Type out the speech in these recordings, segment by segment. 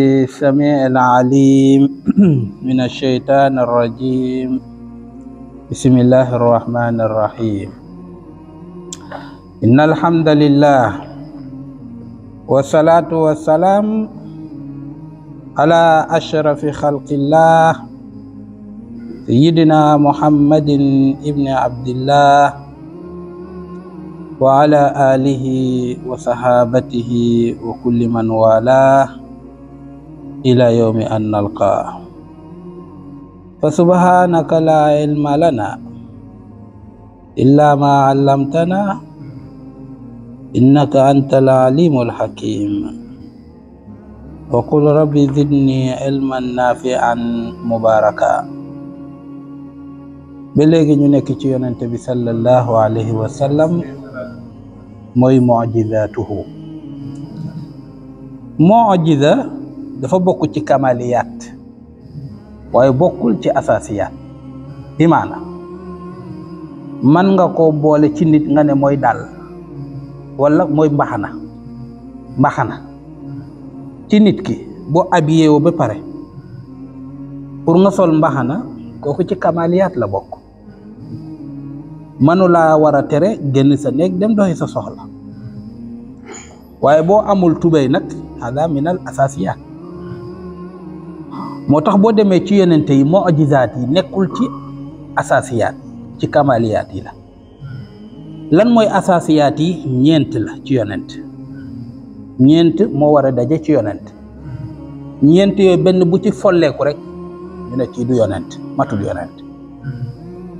السميع العليم من الشيطان الرجيم بسم الله الرحمن الرحيم إن الحمد لله والصلاة والسلام على أشرف خلق الله سيدنا محمد ابن عبد الله وعلى آله وصحابته وكل من والاه إلى يوم أن نلقاه فسبحانك لا علم لنا إلا ما علمتنا إنك أنت العليم الحكيم وقل ربي زدني علما نافعا مباركا بلغي léegi تي يونتبي صلى الله عليه وسلم موي معجزاته معجزه dafa bokk ci kamaliyaat waaye bokkul ci asaasiyaat imaana man nga ko boole ci nit nga ne mooy dàll walla mooy mbaxana mbaxana ci nit ki boo habillé woo ba pare pour nga sol mbaxana kooku ci kamaliyaat la bokk manulaa war a tere génn sa néeg dem doxi sa soxla waaye boo amul tubéy nag hada minal moo tax boo demee ci yonente yi mu'jizaat yi nekkul ci asaasiyaat ci kamaliyaat yi la lan mooy asaasiyaat ñeent la ci yonent ñeent moo war a daje ci yonent ñeent yooyu benn bu ci folleeku rek ñu ne kii du yonent matul yonent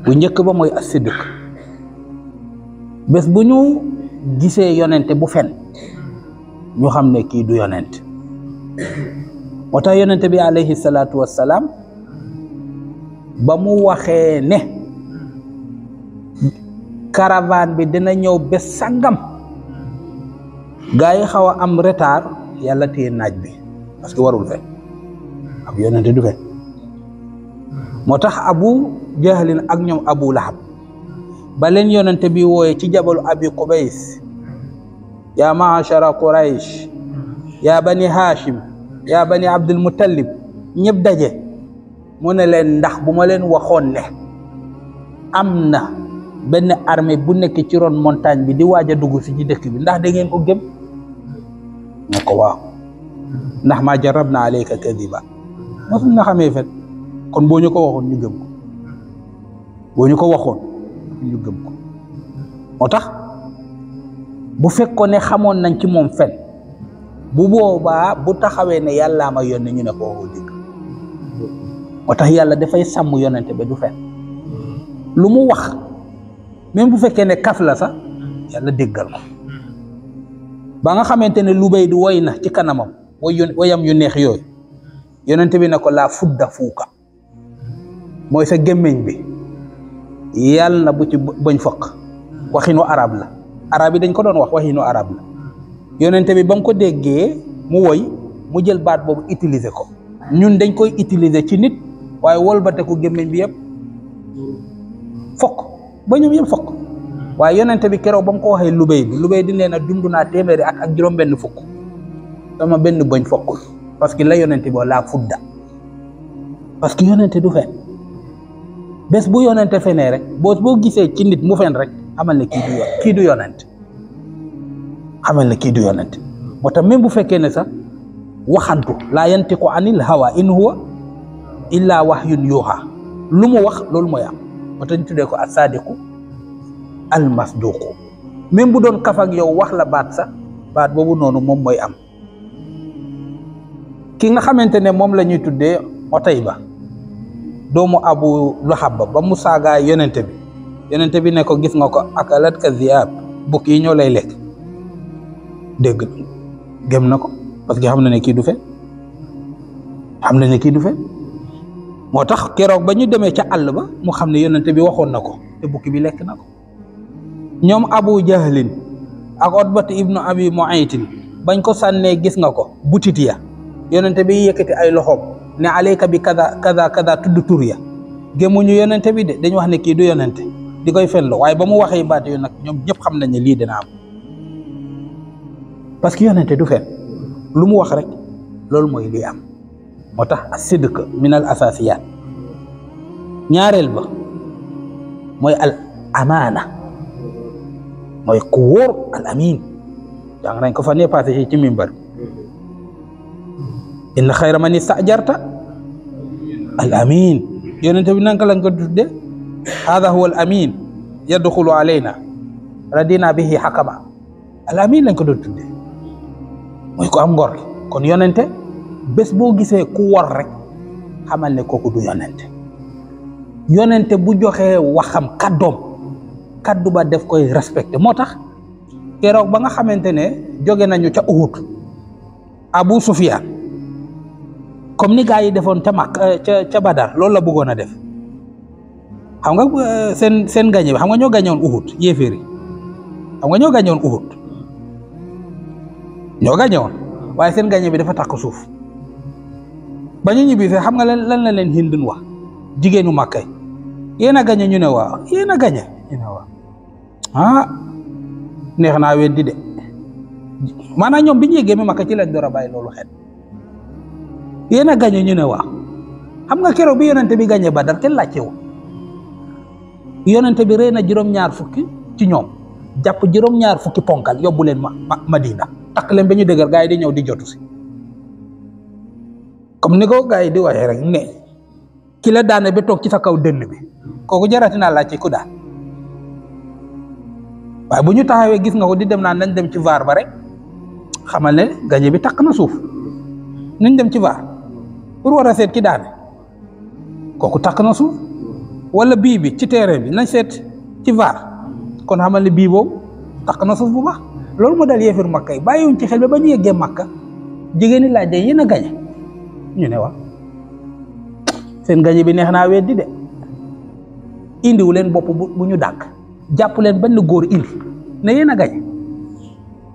bu njëkk ba mooy as-sidq bés bu ñu gisee yonente bu fen ñu xam ne kii du yonent moo tax yonente bi alayhi salaatu wassalaam ba mu waxee ne caravane bi dina ñëw bés sàngam gaa yi xaw a am retard yàlla téye naaj bi parce que warul fe ab yonente du moo tax abu jahlin ak ñoom abu lahab ba leen yonente ci jabalu abi qubays yaa maachara quraish yaa bani hashim يا بني عبد المطلب نيب داجي مون لين داخ بوما لين واخون نه امنا بن ارمي بو نيك سي رون مونتاج بي دي واجا دوغو سي دي دك بي نداخ دا نين او گيم نكو وا نداخ ما جربنا عليك كذبا ما فنا خامي فت كون بو نيوكو واخون ني گيم بو نيوكو واخون ني گيم كو motax bu fekkone xamone nañ ci mom fenn bu boobaa bu taxawee ne yàllaa ma yónni ñu ne ko waxul moo tax yàlla defay sàmm yonente ba du fen lu mu wax même bu fekkee ne kaf la sax yàlla déggal ko ba nga xamante ne lu bay du woy na ci kanamam woy yam yu neex yooyu yonente bi ne ko laa fudda fuuka mooy sa gémmiñ bi yàlla na bu ci bañ fokk waxinu arab la arab yi dañ ko doon wax waxinu araab la yonente bi ba mu ko déggee mu woy mu jël baat boobu utiliser ko ñun dañ koy utiliser ci nit waaye wolbateku gémmiñ bi yëpp fokk ba ñoom yëpp fokk waaye yonente bi keroog ba ko waxee lubéy bi lubéy di nee na dund naa téeméeri at ak juróom benn fukk sama benn bëñ fokkul parce que la yonente bi laa fudda parce que yonente du fen bés bu yonente fenee rek boo boo gisee ci nit mu fen rek amal ne kii du kii xamal na kii du yonent moo tax même bu fekkee ne sax waxantu laa ko anil hawa in huwa wax wahyun yuuxa lu mu wax loolu mooy am moo tax ñu tuddee ko asadiqu almasduqu même bu doon kaf yow wax la baat sax baat boobu noonu moom mooy am ki nga xamante ne moom la ñuy tuddee ba doomu abu lahab ba ba mu saagaay yonente bi yonente bi ne ko gis nga ko akalat ka ziab bukk yi ñoo lay lekk dégg gëm na ko parce que xam na ne kii du fe xam na ne kii du fe moo tax keroog ba ñu demee ca àll ba mu xam ne yonente bi waxoon na ko te bukki bi lekk na ko ñoom abu jahlin ak otbat ibnu abi muaytin bañ ko sànnee gis nga ko butit ya yonente bi yëkkati ay loxoom ne alayka bi kada kada kada tudd tur ya gémuñu yonente bi de dañu wax ne kii du yonente di koy fenlo waaye ba mu waxee baat yooyu nag ñoom ñëpp xam nañ ne lii dana am parce que yonente du fen lu mu wax rek loolu mooy li am moo tax as sidq min al asasiyaat ñaareel ba mooy al amaana mooy ku al amin jàng nañ ko fa ne passé ci mimbar inna xayra man istajarta al amin yonente bi nanka lañ ko tudde hada huwa al amin yadxulu alayna radina bihi xakama al amin lañ ko doon tudde mooy ko am ngor gi kon yonente bés boo gisee ku wor rek xamal ne kooku du yonente yonente bu joxee waxam kàddoom kaddu ba def koy respecte moo tax keroog ba nga xamante ne jóge nañu ca Uhud Abu Sufyan comme ni gars yi defoon ca eh, ca ca Badar loolu la bëggoon a def xam nga eh, seen seen gañe bi xam nga ñoo gañoon Uhud yéeféeri xam nga ñoo gañoon Uhud ñoo gagné waaye seen gagné bi dafa takk suuf ba ñu ñibbi fee xam nga lan lan la leen hindun wa jigéenu màkkay yéen a gagné ñu ne waaw yéen a gagné ñu ne ah neex naa weddi de maanaam ñoom bi ñu yeggee mi màkka ci lañ door a bàyyi loolu xel yéen a gagné ñu ne waaw xam nga keroog bi yonente bi gagné Badar kenn laajte wu yonente bi rey na juróom-ñaar fukki ci ñoom. jàpp juróom-ñaar fukki ponkal yobbu leen ma ma Madina takk leen ba ñu dëgër gaa yi di ñëw di jotu si comme ni ko gaa yi di waxee rek ne ki la daane ba toog ci sa kaw dënn bi kooku jarati naa laaj ci ku daan waaye bu ñu taxawee gis nga ko di dem naan nañ dem ci vaar ba rek xamal ne gañe bi takk na suuf nañ dem ci vaar pour war a seet ki daane kooku takk na suuf wala bii bi ci terrain bi nañ seet ci vaar. kon xamal ne bii boobu tax na suuf bu baax loolu moo dal yéefar makka yi bàyyiwuñ ci xel ba ba ñu yeggee makka jigéen ñi laaj de yéen a gañe ñu ne wax seen gañe bi neex naa weddi de indiwu leen bopp bu ñu dàkk jàpp leen benn góor indi ne yéen a gañe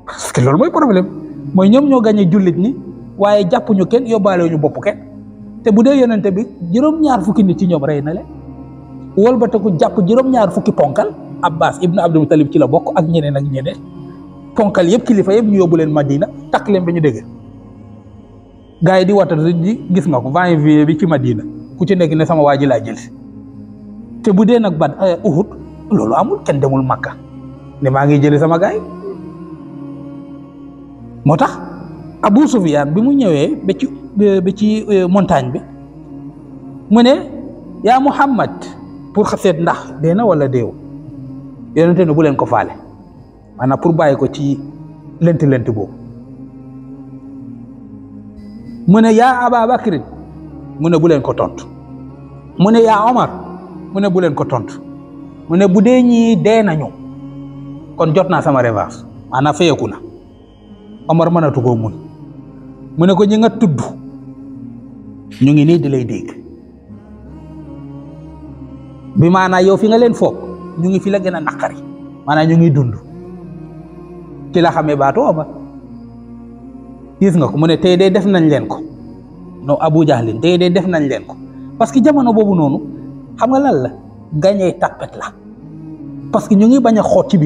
parce loolu mooy problème mooy ñoom ñoo gañe jullit ñi waaye jàppuñu kenn yóbbaale ñu bopp kenn te bu dee yonente bi juróom-ñaar fukki nit ci ñoom rey na leen wëlbatiku jàpp juróom-ñaar fukki ponkal Abbas ibnu Abdul Muttalib ci la bokk ak ñeneen ak ñeneen ponkal yëpp kilifa yëpp ñu yóbbu leen Madina takk leen ba ñu dégg yi di watat di gis nga ko janvier bi ci Madina ku ci nekk ne sama waa ji laa jël te bu dee nag bat euh, Uhud loolu amul kenn demul Makka ne maa ngi jëli sama gars moo tax Abu Sufyaan bi mu ñëwee ba ci euh, montagne bi mu ne yaa Muhammad pour xaseet ndax dee na wala deew yonente ne bu leen ko faale ana pour baye ko ci lënt lënt bo mune ya yaa aba bakrin bu ko tontu mune ya omar mune ne bu leen ko tontu mune budé ñi dé nañu kon jotna sama revanche ana feyekuna omar manatu ko mun mune ko ñi nga tuddu ñu ngi ni di lay dégg bi mana yow fi nga len fokk ñu ngi fi la gën a naqari maanaam ñu ngi dund ci la xamee baatu Omar gis nga ko mu ne tey day def nañ leen ko non Abu Jahlin tey day def nañ leen ko parce que jamono boobu noonu xam nga lan la gañee tapet la parce que ñu ngi bañ a xoot ci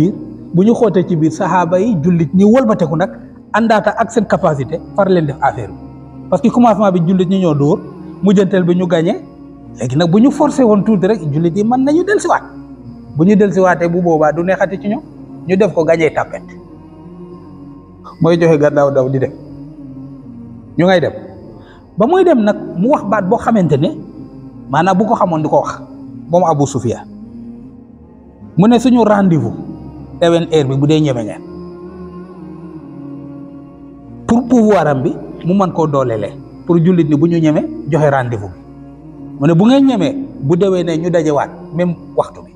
bu ñu xootee ci biir saxaaba yi jullit ñi wëlbateeku nag àndaata ak seen capacité par leen def affaire parce que commencement bi jullit ñi ñoo dóor mujjanteel bi ñu gañee léegi nag bu ñu forcé woon tuuti rek jullit yi mën nañu bu ñu dellusiwaatee bu boobaa du neexati ci ñu def ko gañee tàppet mooy joxe gannaaw daw di dem ñu ngay dem ba muy dem nag mu wax baat boo xamante ne maanaam bu ko xamoon di ko wax moom Abu Sufyan mu ne suñu rendez-vous dewen bi bu dee ñemee ngeen pour pouvoir am bi mu mën koo dooleele pour jullit ni bu ñu ñemee joxe rendez mu ne bu ngeen ñemee bu dewee ne ñu dajewaat même waxtu bi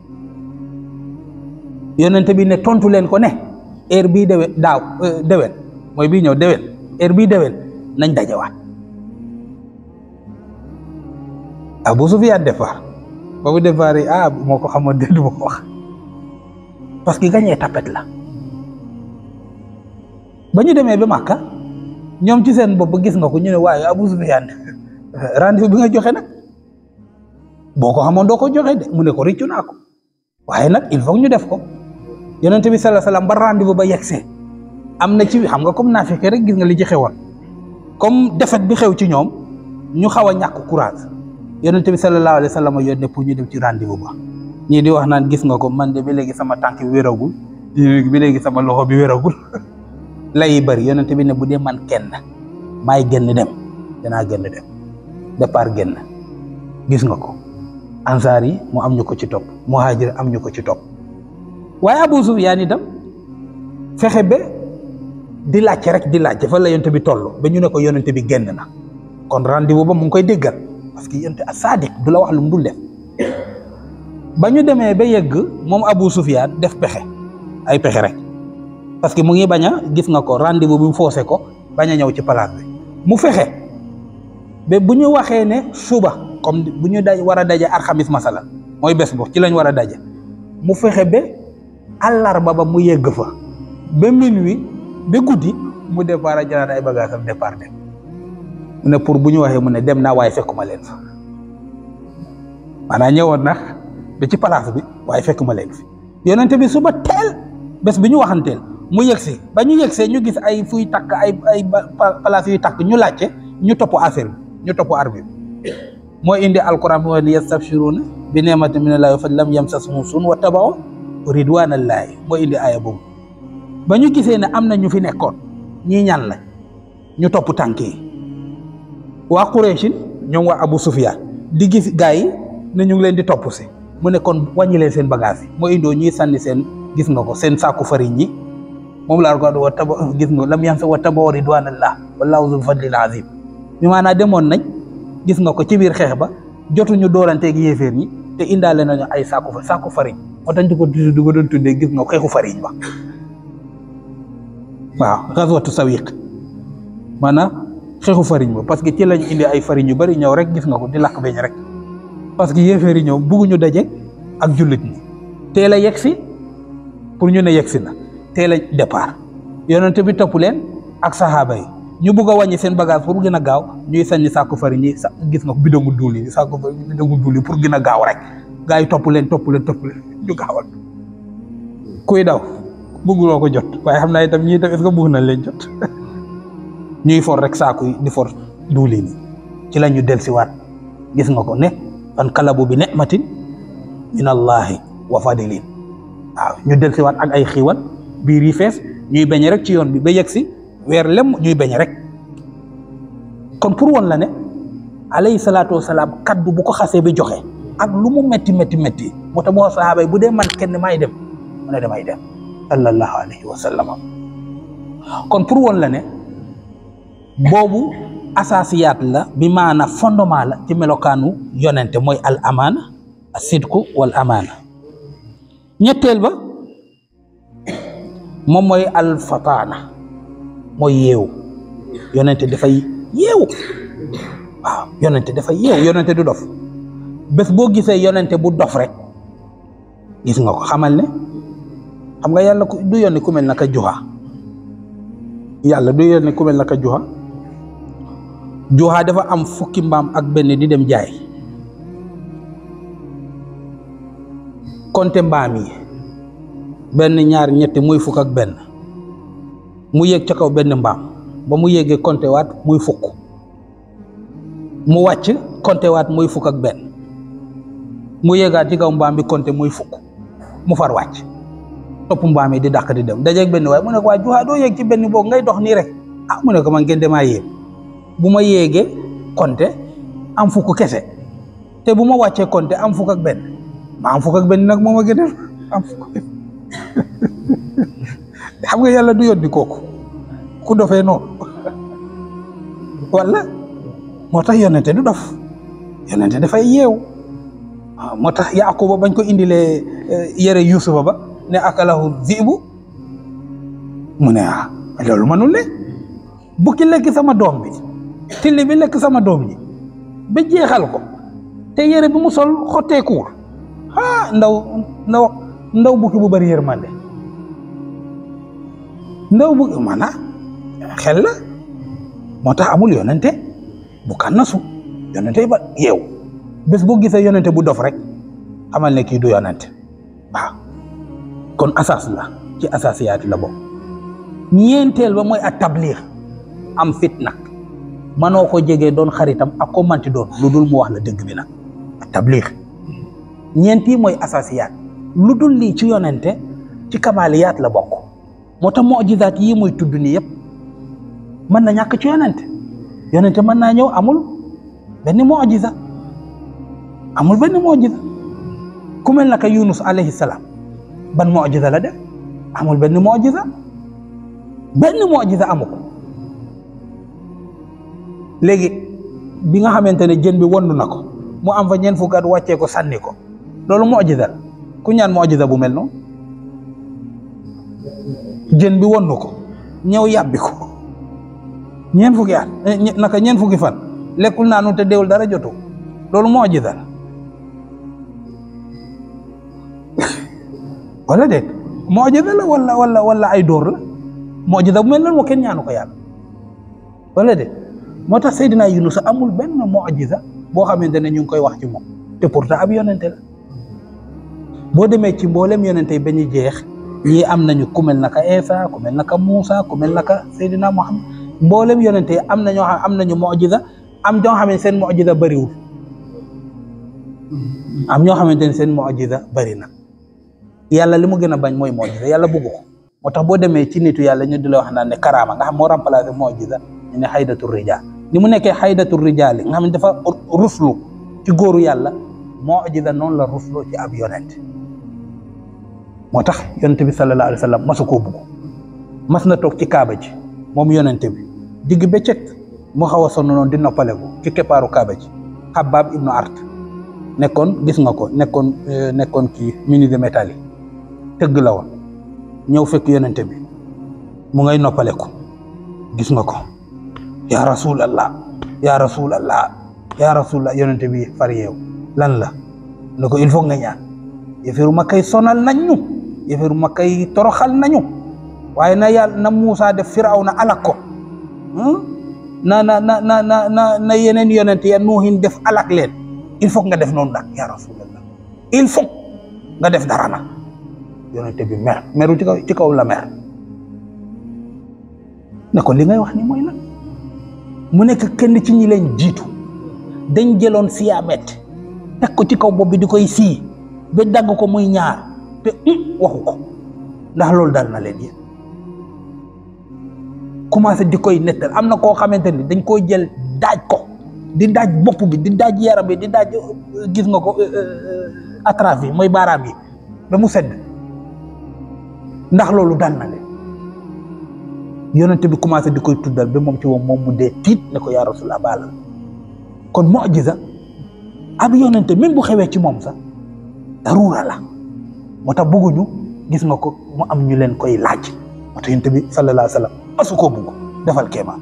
yonent bi ne tontu leen ko ne heure bii déwén daaw euh, déwén mooy bii ñëw déwén heure bii déwén nañ dajewaat Abu Sufyaan départ ba mu départ yi ah moo ko xamoon déet moo que gagné tapet la ba ñu demee ba Màkka ñoom ci seen bopp gis nga ko ñu ne waaye Abu Sufyaan rendez-vous bi nga joxe nag boo ko xamoon doo ko joxe de mu ne ko rëccu naa waaye nag il foog ñu def ko yonente bi sallallahu alayhi wasallam ba rendez-vous ba yegsee am na ci xam nga comme naafiq rek gis nga li ci xewoon comme défaite bi xew ci ñoom ñu xaw a ñàkk courage yonente bi sallallahu alayhi wasallam yónnee pour ñu dem ci rendez-vous ñii di wax naan gis nga ko man de bi léegi sama tànk bi wéragul bi léegi sama loxo bi wéragul lay bëri yonente bi bu dee man kenn maay génn dem danaa génn dem départ génn gis nga ko ansaar yi mu am ñu ko ci topp muhaajir am ñu ko ci topp waye Abu Sufyaan itam dam ba di lacc rek di lacc fa la yonte bi tollu ba ñu ne ko yonente bi genn na kon rendez-vous ba mu ngi koy deggal parce que yonte asaadik du la wax lu mu def ba ñu demee ba yegg mom Abu Sufyaan def pexé ay pexé rek parce que mu ngi baña gis nga ko rendez-vous bi mu fossé ko baña ñew ci bi mu fexé be buñu waxé né ne suba comme buñu daj wara dajé masala moy bés ci lañ wara dajé mu fexé be àllarba ba mu yegg fa ba minuit ba guddi mu départ jëlaat ay bagages am départ dem mu ne pour bu ñu waxee mu ne dem naa waaye fekkuma leen fa maanaam ñëwoon na ba ci palaas bi waaye fekkuma leen fi yonent bi suba teel bés bi ñu waxanteel mu yegsi ba ñu yegsee ñu gis ay fuy takk ay ay palaas yuy takk ñu laajte ñu topp affaire bi ñu topp ar mooy indi alquran bi wax ne yastabshiruuna bi neematin min allaahi wa fadlin lam yamsashum suun wa ridwaanallaahi moo indi aaya boobu ba ñu gisee ne am na ñu fi nekkoon ñii ñaan la ñu topp tànk yi waa Qurayshin ñoom wa Abu Sufyaan di gis gaa yi ne leen di topp si mu ne kon seen bagage yi moo indoo ñuy sànni seen gis nga ko seen saaku farine ñi moom laa ko wa taba gis nga lam yam sa wa taba ridwaanallah wallaahu zul fadlil azim ñu maanaa demoon nañ gis nga ko ci biir xeex ba jotuñu doolanteeg yéeféer ñi te indaale nañu ay saaku saaku farine moo tax ñu ko toujours ko doon tuddee gis nga xeexu farine ba waaw gazwatu sawiq maanaam xeexu fariñ ba parce que ci lañ indi ay farine yu bari ñëw rek gis nga ko di lakk beñ rek parce que yéeféeri ñëw bugguñu daje ak jullit ñi teel a yegsi pour ñu ne yegsi na teel a départ yonent bi topp leen ak saxaaba ñu bëgg a wàññi seen bagage pour gën a gaaw ñuy sànni sàkku farine yi sa gis nga ko bidongu duul yi sàkku farine bidongu duul yi pour gën a gaaw rek gars yi topp leen topp leen topp leen ñu gaawal kuy daw bëgguloo ko jot waaye xam naa itam ñii itam est ce que na leen jot ñuy for rek saaku yi di for duul yi ci la ñu dellusiwaat gis nga ko ne fan kalabu bi ni'matin min allahi wa fadilin waaw ñu dellusiwaat ak ay xiiwal biir yi fees ñuy bañ rek ci yoon bi ba yegg si weer lem ñuy beñ rek kon pour won la ne alayhi salaatu kaddu bu ko xasee bi joxe ak lumu mu métti moo tax moo sahaaba yi bu dee man kenn maay dem mu ne damay dem sallallahu alayhi wa sallam kon pour woon la ne boobu asasiyaat la bi maana fondement la ci melokaanu yonente mooy al amaana asidku wal amaana ñetteel ba moom mooy al fataana mooy yeewu yonente dafay yeewu waaw yonente dafa yeewu yonente du dof bés boo gisee yonente bu dof rek gis nga ko xamal ne xam nga yàlla du yónni ku mel naka juha yàlla du yónni ku mel naka juha juha dafa am fukki mbaam ak benn di dem jaay konte mbaam yi benn ñaar ñetti muy fukk ak benn mu yéeg ca kaw benn mbaam ba mu yéegee conté waat muy fukk mu wàcc conté waat muy fukk ak benn mu yéegaat ci kaw mbaam bi conté muy fukk mu far wàcc topp mbaam yi di dàq di dem dajeeg benn waaye mu ne waa juwaa doo yéeg ci benn boog ngay dox nii rek ah mu ne ko man gen demaa yéeg bu ma yéegee compté am fukk kese te bu ma wàccee compté am fukk ak benn ma am fukk ak benn nag moom a gën a am fukk xam nga yàlla du yónni kooku ku dofee noonu wala moo tax yonente du dof yonente dafay yeew waaw moo tax Yaakuba bañ ko indilee eh, yére Yuusufa ba ne akalahu ziibu mu ne ah loolu mënul ne bukki lekk sama doom bi tilli bi lekk sama doom ji ba jeexal ko te yére bi mu sol xotteekuwul ah ndaw ndaw ndaw bukki bu bari yer yërmande ndaw bu ma na xel la moo tax amul yonente bu kànnasu yonente ba yeew bés boo gisee yonente bu dof rek amal ne kii du yonente waaw kon asas la ci asasiyaati la bokk ñeenteel ba mooy ak tabliir am fit nag manoo ko jegee doon xaritam ak manti doon lu dul mu wax la dëgg bi nag ak tabliir ñeent yi mooy asasiyaat lu dul lii ci yonente ci kamaaliyaat la bokk moo tax mujizaat yii muy tudd nii yëpp mën na ñàkk ci yonent yonent mën naa ñëw amul benn mujiza amul benn mujiza ku mel naka Yunus alayhi salaam ban mujiza la def amul benn mujiza benn mujiza amu ko bi nga xamante ne jën bi wondu na ko mu am fa ñeent fukk at wàccee ko sànni ko loolu mujiza la ku ñaan mujiza bu mel noonu. jën bi wonnu ko ñëw yàbbi ko ñeen fukki at eh, naka ñeen fukki fan lekkul naanu te deewul dara jotu loolu moo ji dara wala déet moo ji wala wala wala ay dóor la moo ji da bu mel moo kenn ñaanu ko yàlla wala déet moo tax Seydina Yunus amul benn mu'jiza boo xamante ne ñu ngi koy wax ci te pourtant ab yonente la boo demee ci mboolem yonente yi jeex ñii am nañu ku na naka Isa ku mel naka Moussa ku na naka Seydina Muhammad mboolem yonente am na am nañu mujiza am ñoo xam ne seen mujiza bëriwul am ñoo xamante ne seen mujiza bëri na yàlla li mu gën a bañ mooy mujiza yàlla bëgg ko moo tax boo demee ci nitu yàlla ñu di la wax naan ne karaama nga xam moo remplacé mujiza ñu ne xaydatu rijaal ni mu nekkee xaydatu rijaal nga xam ne dafa ruslu ci góoru yàlla mujiza noonu la ruslu ci ab yonente moo tax yonent bi sallallahu alayhi wa masu koo bugg mas na toog ci kaaba ji moom yonent bi digg bëccëg mu xaw a sonn di noppaleku ci keppaaru kaaba ji Xabbaab ibnu Art nekkoon gis nga ko nekkoon euh, nekkoon ci mini de métal tëgg la woon ñëw fekk yonent bi mu ngay noppaleku gis nga ko yaa rasulallah yaa rasulallah yaa rasulallah bi far lan la ne il faut nga ñaan yafiruma makay sonal nañu ñu makay toroxal nañu waye na yal na musa de fir'auna alako na na na na na na na yeneen yonent ya nuhin def alak len il faut nga def non nak ya Rasulullah, il faut nga def dara nak yonent bi mer meru ci kaw ci kaw la mer nako li ngay wax ni moy lan mu nek kenn ci ñi len jitu dañ jëlon siyaamet tak ko ci kaw bobu di ba dagg ko muy ñaar te waxu ko ndax loolu daal na leen yéen commencé di koy nettal am na koo xamante ni dañ koy jël daaj ko di daaj bopp bi di daaj yaram bi di daaj euh, gis nga ko euh, euh, atraf bi mooy baaraam yi ba mu sedd ndax loolu dal na leen yonent bi commencé di koy tuddal ba moom ci moom moom mu dee tiit ne ko yaa rasulallah baalal kon mu'jiza ab yonent même bu xewee ci moom sax daruura moo tax bëgguñu gis nga ko mu am ñu leen koy laaj moo tax yonent bi sallallahu alayhi ma sallam asu koo bëgg defal kéemaan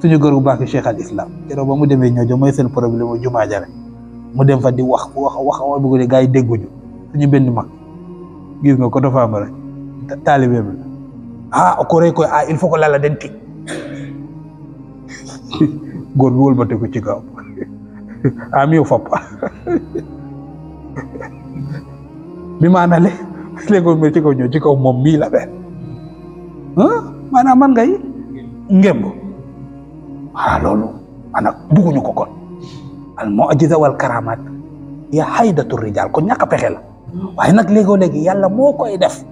suñu góor bu baax ba mu demee ñoo jo mooy seen problème mu jumaa jare dem fa di wax wax wax wax bëgg yi dégguñu suñu benn mag ko dafa am rek taalibeem la ah, ah, ci kaw am ah, fap bi ma analee léegoo mais ci kaw ñëw ci kaw moom mii la benn maanaam man ngay ngemb ah loolu ana bugguñu ko kon al mu'jiza wal karamaat ya haydatu rijaal kon ñàkk a pexe la waaye nag léegoo léeg yàlla moo koy def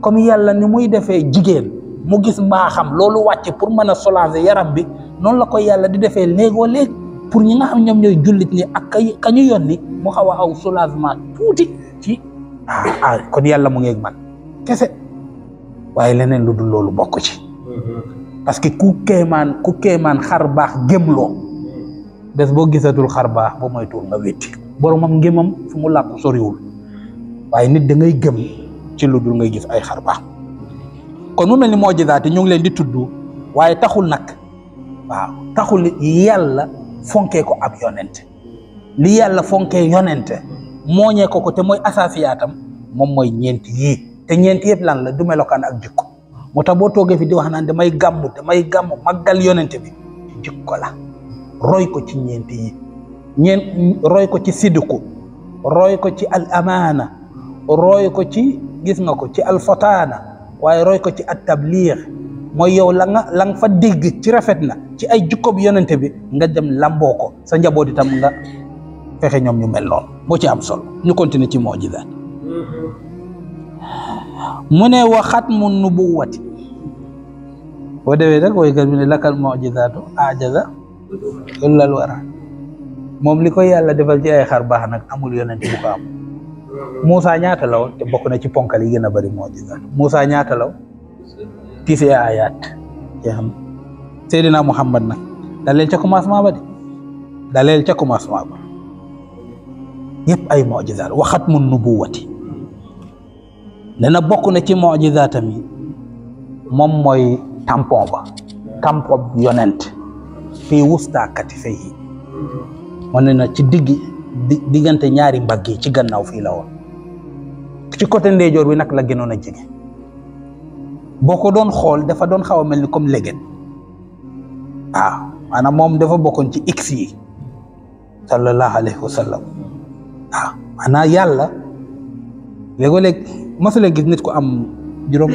comme yàlla ni muy defee jigéen mu gis mbaaxam loolu wàcce pour mën a soulager yaram bi noonu la koy yàlla di defee léegoo léegi pour ñu nga xam ñoom ñooy jullit ñi ak ka ñu yónni mu xaw a aw soulagement tuuti ci ah kon yàlla mu ngi ak man kese waaye leneen lu dul loolu bokk ci mm-hmm. parce que ku keemaan ku keemaan xar baax loo des boo gisatul xar baax ba moytuwul nga wétti boromam ngémam fu mu làkk soriwul waaye nit dangay ngay ci lu dul ngay gis ay xar baax kon mu na ni moo jisaati ñu ngi leen di tudd waaye taxul nag waaw taxul yàlla fonkee ko ab yonente li yàlla fonkee yonente mooñee ko ko te mooy asaasiyaatam moom mooy ñeenti yii te ñeenti yëpp lan la du melokaan ak jukko moo tax boo toogee fi di wax naan damay gàmmu damay gàmmu màggal yonente bi jikko la roy ko ci ñeenti yi ñeen roy ko ci sidiku roy ko ci al amaana roy ko ci gis nga ko ci al fotaana waaye roy ko ci at tabliix mooy yow la la nga fa dégg ci rafet na ci ay jukko bi yonente bi nga dem lamboo ko sa njaboot itam nga fexe ñoom ñu mel noonu moo ci am solo ñu continuer ci mujjizaat mu ne waxat mu nubuwati boo demee nag woykat bi ne lakkal mujjizaatu ajaza illal wara moom li ko yàlla defal ci ay xar baax nag amul yonent bu ko am Moussa ñaata la woon te bokk na ci ponkal yi gën a bëri mujjizaat Moussa ñaata la woon tise ayaat xam Seydina Muhammad nag daleel ca commencement ba de daleel ca commencement yépp ay mujizaat waxat xatmu nubuwati nee na bokk na ci mujizaatam yi moom mooy tampon ba tampon yonent fii wustaakati fayhi mu ne na ci diggi diggante ñaari mbagg yi ci gannaaw fii la woon ci côté ndeyjoor bi nag la gënoon a jege boo ko doon xool dafa doon xaw a mel ni comme léget waaw maanaam moom dafa bokkoon ci x yi sallallahu alayhi wa waaw ah, maanaa yàlla léegoo-léeg masuleen gis nit ko am juróom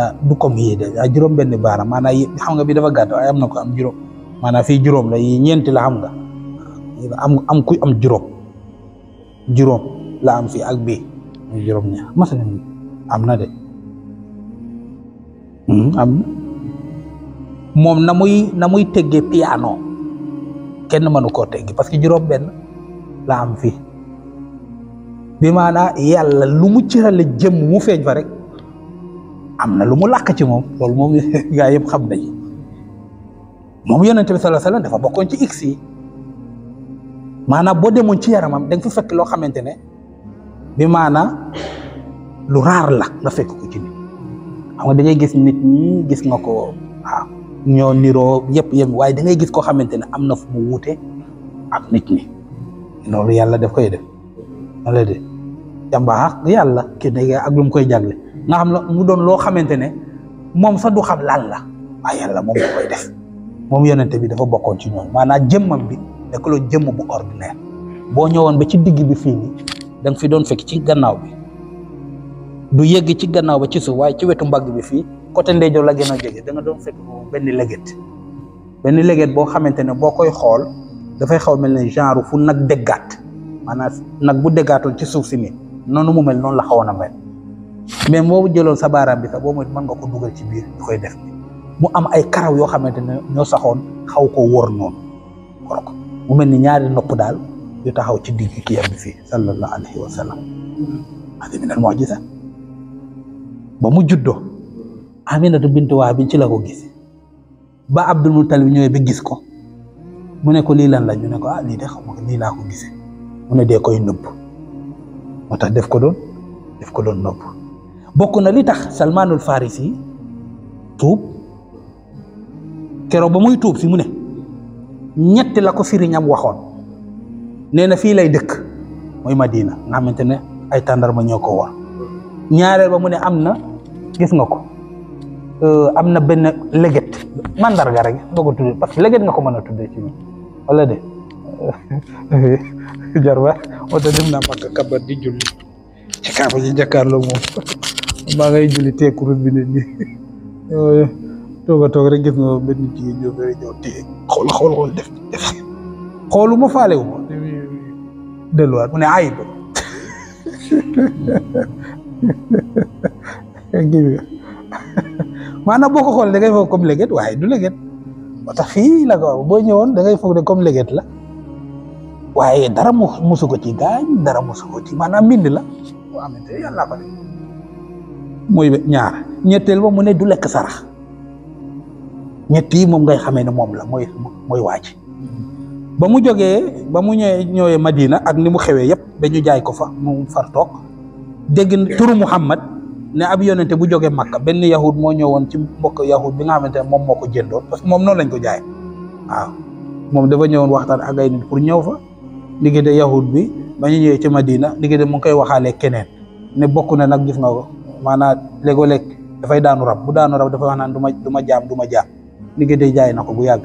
ah, du comme yii de ah juróom benn maanaa xam nga bi dafa gàtt am na ko am juróom maanaa fii juróom la ñeenti la xam nga am am ku am juróom juróom la am fii ak bii juróom ñaar masuleen am na de hmm, moom na muy na muy teggee piano kenn mënu koo teggi parce que juróom benn la am fii bi maanaa yàlla lu mu cërale jëmm mu feeñ fa rek am na lu mu làkk ci moom loolu moom gaa yëpp xam nañ moom yonente bi sallallahu alayhi wasallam dafa bokkoon ci x yi maanaam boo demoon ci yaramam da nga fekk loo xamante ne bi maanaa lu raar la nga fekk ko ci nit xam gis nit gis nga ko waaw ñoo niroo yëpp waaye da gis koo xamante ne am na fu mu wuute ak nit ñi loolu yàlla def koy def loolu de jàmbaax yàlla kii ne ak lu mu koy jagle nga xam la mu doon loo xamante ne moom sax du xam lan la waaye yàlla moom moo koy def moom yonente bi dafa bokkoon ci ñoom maanaa jëmmam bi nekkuloon jëmm bu ordinaire boo ñëwoon ba ci digg bi fii da nga doon fekk ci gannaaw bi du yëgg ci gannaaw ba ci suuf ci wetu mbagg bi fii côté ndeyjoor la gën a jege da doon fekk benn léget benn léget boo xamante ne boo koy xool dafay xaw mel ne genre fu nag déggaat maanaam nag bu déggaatoon ci suuf si nii noonu mu mel noonu la xawoon a mel mais moo jëloon sa baaraam bi sax boo mooy mën ko dugal ci biir koy def mu am ay karaw yoo xamante ne ñoo saxoon xaw ko wóor noonu war mel ni ñaari nopp daal yu taxaw ci digg kii am bi fii sallallahu alayhi wa sallam ba mu juddoo Aminatu bintu Wahab bi ci la ko gis ba Abdul Muttalib ñëwee ba gis ko mu ne ko lii lan la ñu ne ko ah lii de xam nga lii laa ko gisee mu ne dee koy nëbb moo tax def ko doon def ko doon nopp bokk na li tax salmaanul farisi tuub keroog ba muy tuub si mu ne ñetti la ko sëriñam waxoon nee na fii lay dëkk mooy Madina nga xamante ne ay tàndarma ñoo ko wax ñaareel ba mu ne am na gis nga ko euh, am na benn leget man rek boo ko tuddee parce que léget nga ko mën a tuddee ci ñun wala de Eh, jarba oto dem na Makka kabar di julli ci kaaba ji jàkkaarloo moom maa ngay julli teeku bi ne nii toog a toog rek gis nga benn jigéen ñëw bëri ñëw xool xool xool def def faale wu ma delluwaat mu ne ayib boo ko xool da ngay foog comme léget waaye du léget moo tax fii la ko boo ñëwoon dangay ngay foog ne comme léget la waaye dara mu musu ko ci gaañ dara musu ko ci maanaam mbind la bu amante yàlla ko def muy ñaar ñetteel ba mu ne du lekk sarax ñett yi moom ngay xamee ne moom la mooy mooy waaj ba mu jógee ba mu ñëwee ñëwee Madina ak ni mu xewee yëpp dañu jaay ko fa mu far toog dégg turu Muhammad ne ab yonente bu jógee Makka benn yahud moo ñëwoon ci mbokk yahud bi nga xamante ne moom moo ko jëndoon parce que moom noonu lañ ko jaay waaw moom dafa ñëwoon waxtaan ak ay nit pour ñëw fa de yahud bi ma ñu ñëwee ci Madina diggante mu ngi koy waxaale keneen ne bokk na nag gis nga ko maanaam léegoo-léeg dafay daanu rab bu daanu rab dafay wax naan du ma du ma jaam du ma jaam diggante jaay na ko bu yàgg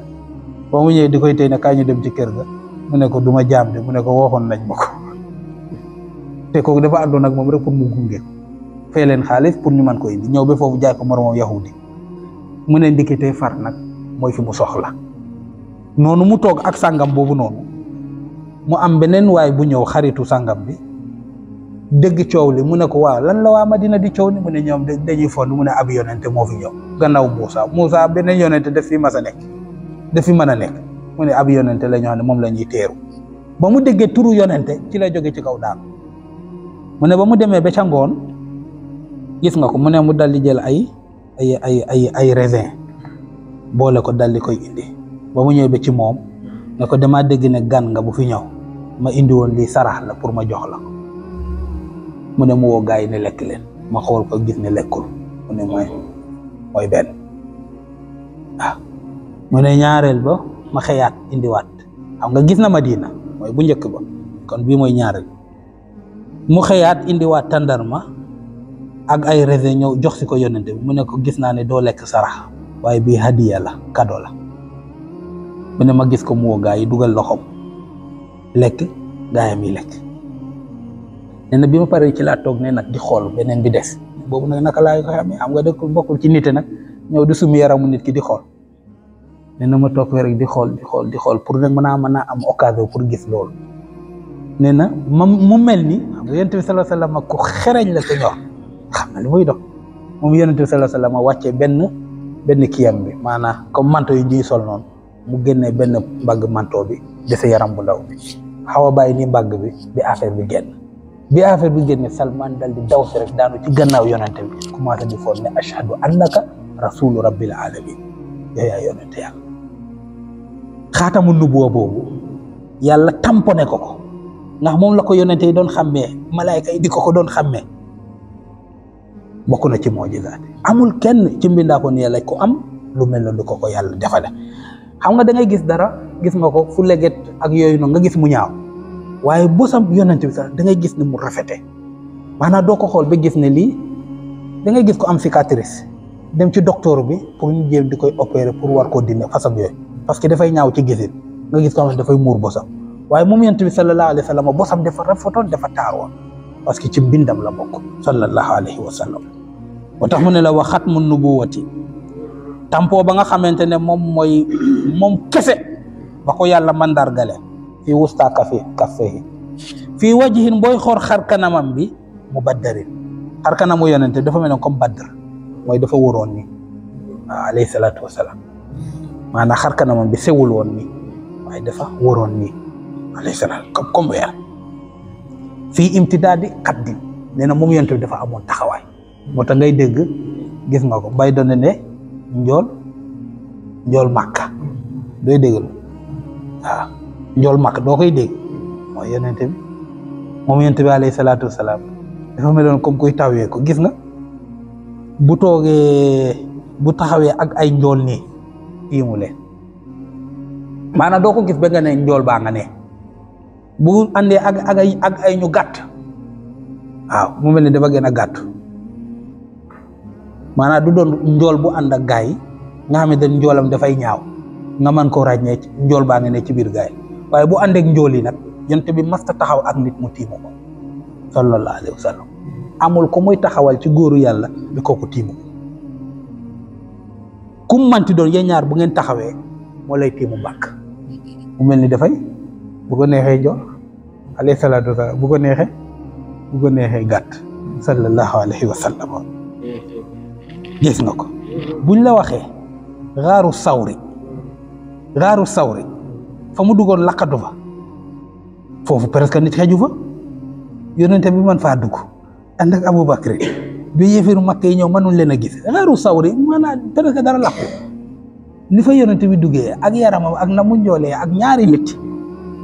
ba ñëwee di koy ne kaay ñu dem ci kër ga mu ne ko du ma jaam de mu ne ko waxoon nañ bokk te kooku dafa àndoon ak moom rek pour mu gunge fay leen xaalis pour ñu mën ko indi ñëw ba foofu jaay ko moromam yahudi mu ne ndikkite far nag mooy fi mu soxla noonu mu toog ak sàngam boobu noonu mu am beneen waay bu ñëw xaritu sàngam bi dégg coow li mu ne ko waaw lan la waa dina di coow ni mu ne ñoom dañuy fond mu ne ab yonente moo fi ñëw gannaaw Moussa Moussa beneen yonente daf fi mas a nekk mën a nekk mu ne ab yonente la ñoo ne moom la ñuy teeru ba mu déggee turu yonente ci la jóge ci kaw daal mu ne ba mu demee ba ca ngoon gis nga ko mu ne mu dal jël ay ay ay ay ay raisin boole ko dal di koy indi ba mu ñëw ba ci moom ne ko demaa dégg ne gan nga bu fi ñaw ma indi woon lii sarax la pour ma jox la mu ne mu woo gars ne lekk leen ma xool ko gis ne lekkul mu ne mooy benn ah. mu ne ñaareel ba ma xëyaat indiwaat xam nga gis na ma diina mooy bu njëkk ba kon bii mooy ñaareel mu xëyaat indiwaat tàndarma ak ay raisin ñëw jox si ko yonente bi mu ne ko gis naa ne doo lekk sarax waaye bii hadiya la kado la mu ne ma gis ko mu woo gars yi dugal loxoom lekk gaayam yi lekk nee na bi ma paree ci laa toog ne nag di xool beneen bi des boobu nag naka laay ko xamee xam nga dëkk bokkul ci nit nag ñëw di sumi yaramu nit ki di xool nee na ma toog rek di xool xool di xool pour nag mën naa mën naa am occasion pour gis loolu nee na ma mu mel ni xam nga yonent bi sallallahu alayhi ku xereñ la ci ñor xam na li muy dox moom yonent bi sallallahu alayhi wasallam wàccee benn benn kiyam bi maanaam comme manto yi ñuy sol noon mu génnee benn mbagg manteau bi defe yaram bu ndaw xaw a bàyyi ni mbàgg bi bi affaire bi génn bi affaire bi génn Salman dal di daw si rek daanu ci gannaaw yonente bi commencé di foon ne ashhadu annaka rasulu rabbil alamin yow yaa yonente yàlla xaatamu nubuwa boobu yàlla tamponné ko ko moom la ko yonente yi doon xàmmee malaayka yi di ko ko doon xàmmee bokk na ci moo amul kenn ci mbindaakoon yàlla ko am lu mel na du ko ko yàlla defale xam nga da ngay gis dara gis nga ko fu leget ak yooyu noonu nga gis mu ñaaw waaye bosam yonent bi sax da ngay gis ne mu rafete maanaam doo ko xool ba gis ne lii da ngay gis ko am cicatrice dem ci docteur bi pour ñu jéem di koy opérer pour war koo dindi façon yooyu parce que dafay ñaaw ci gisin nga gis ko am dafay muur bosam waaye moom yonent bi sallallahu alayhi wa sallam bosam dafa rafetoon dafa taaroon parce que ci mbindam la bokk sallallahu alayhi wa sallam moo tax mu ne la wa xatmu nubuwati tampoo ba nga xamante ne moom mooy moom kese ba ko yàlla mandargale fii wusta kafe kafe fii booy xoor xar kanamam bi mu baddarin xar kanamu yonente dafa mel ne comme baddar mooy dafa wóoroon ni waaw ah, alayhi salaatu xar kanamam bi sewul woon nii waaye dafa wóoroon nii alayhi salaam comme comme weer fii imtidaadi xaddin nee moom yonent bi dafa amoon taxawaay moo tax ngay dégg gis nga ko bay doon njool njool màkk dooy déggal waaw njool màkk doo koy dégg mooy yonente bi moom yonente bi alayhi salaatu wasalaam dafa meloon comme kuy tawee ko gis na bu toogee bu taxawee ak ay njool nii tiimu leen doo ko gis ba nga ne njool baa nga ne bu àndee ak ak ay ñu gàtt waaw mu mel ni dafa gën a gàtt maanaam du doon njool bu ànd ak gaa yi nga xamante ne njoolam dafay ñaaw nga mën koo ràññee njool baa nga ne ci biir gaa yi waaye bu àndeek ak njool yi nag yonte bi masta taxaw ak nit mu tiimu ko sallallahu alayhi amul ko muy taxawal ci góoru yàlla bi ko tiimu ko kum manti doon yéen ñaar bu ngeen taxawee moo lay tiimu mbàkk mu mel ni dafay bu ko neexee njool alayhi salaatu wasalaam bu ko neexee bu ko neexee gàtt sallallahu alayhi wa sallam gis nga ko buñ la waxe xaaru sawri xaaru sawri fa mu duggoon laqatu fa foofu presque nit xeju fa yonente bi man faa dugg ànd ak Abu Bakri bi yëfiru makk yi ñëw mënuñ leen a gis xaaru sawri maanaam presque dara làqu ni fa yonente bi duggee ak yaramam ak na mu njoolee ak ñaari nit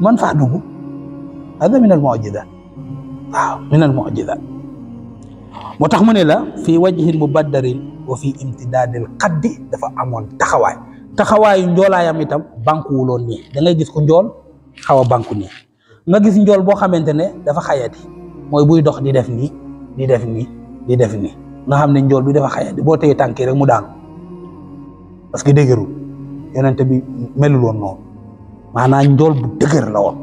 man faa dugg hada min al mujiza waaw min tax ma ne la fii wajhin mubaddarin wa fi imtidaadil xaddi dafa amoon taxawaay taxawaayu njoolaayam itam banku wuloo nii da ngay gis ku njool xaw a banku nii nga gis njool boo xamante ne dafa yi mooy buy dox di def nii di def nii di def nii nga xam ne njool bi dafa xayati boo téye tànki rek mu daanu parce que dëgërul yonente bi melul woon noonu maanaam njool bu dëgër la woon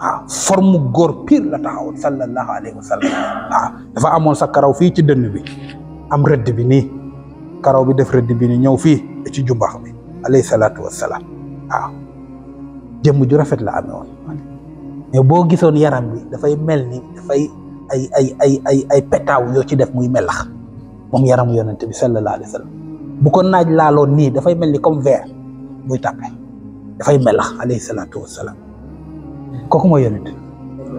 waaw forme góor la taxawoon sallallahu alayhi wa sallam dafa amoon sa fii ci dënn bi am rëdd bi nii karaw bi def rëdd bi nii ñëw fii ci jumbax bi alayhi salaatu wassalaam waaw jëmm ju rafet la amee mais boo gisoon yaram bi dafay mel ni dafay ay ay ay ay ci def muy melax moom yaramu yonent bi sallallahu naaj laaloon nii dafay mel ni comme verre buy tàppe dafay melax alayhi salaatu wassalaam kooku mooy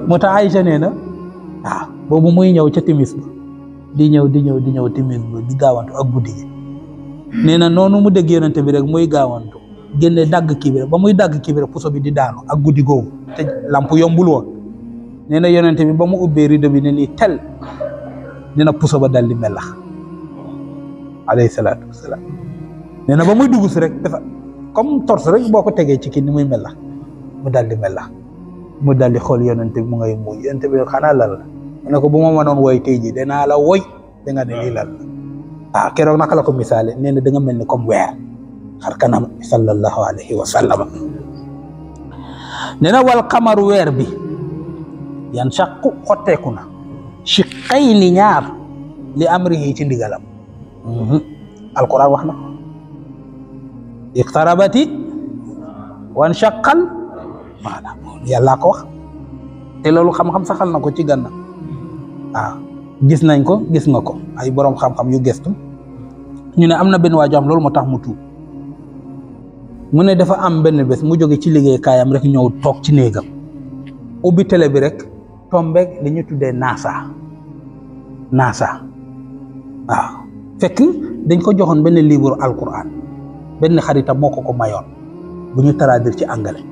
moo tax Aïcha nee waaw boobu muy ñëw ca timis di ñëw di ñëw di ñëw timis ba di gaawantu ak guddi nee na noonu mu dégg yonente bi rek muy gaawantu génne dagg kii ba muy dagg kii bi puso bi di daanu ak guddi googu te lamp yombul woon nee na yonente bi ba mu ubbee rido bi ne nii tel dina puso ba dal di melax alayhi salaatu wasalaam nee na ba muy dugg si rek comme torse rek boo ko tegee ci kii ni muy melax mu dal di melax mu dal xool yonente bi mu ngay muuñ yonente bi xanaa lan la mu ne ko buma ma mënoon woy tey ji la way da nga ne lal ah kero nak la ko misale nee na da nga melni ni comme weer xar kanam sallallahu alaihi wa sallam nee na wal qamar wer bi yan shaqqu xotteeku na si xëy li amri yi ci ndigalam mhm. alquran wax iqtarabati wan shaqqal maanaam yàllaa ko wax te lolou xam-xam saxal nako ci ganna Ah, gis nañ ko gis nga ko ay boroom xam-xam yu gëstu ñu ne am na benn waa xam loolu moo tax mu tuub mu ne dafa am benn bés mu jóge ci liggéey kaayam rek ñëw toog ci néegam ubbi télé bi rek tombeeg li ñu tuddee NASA NASA waaw ah, fekk dañ ko joxoon benn livre alquran benn xaritam moo ko ko mayoon bu ñu traduire ci anglais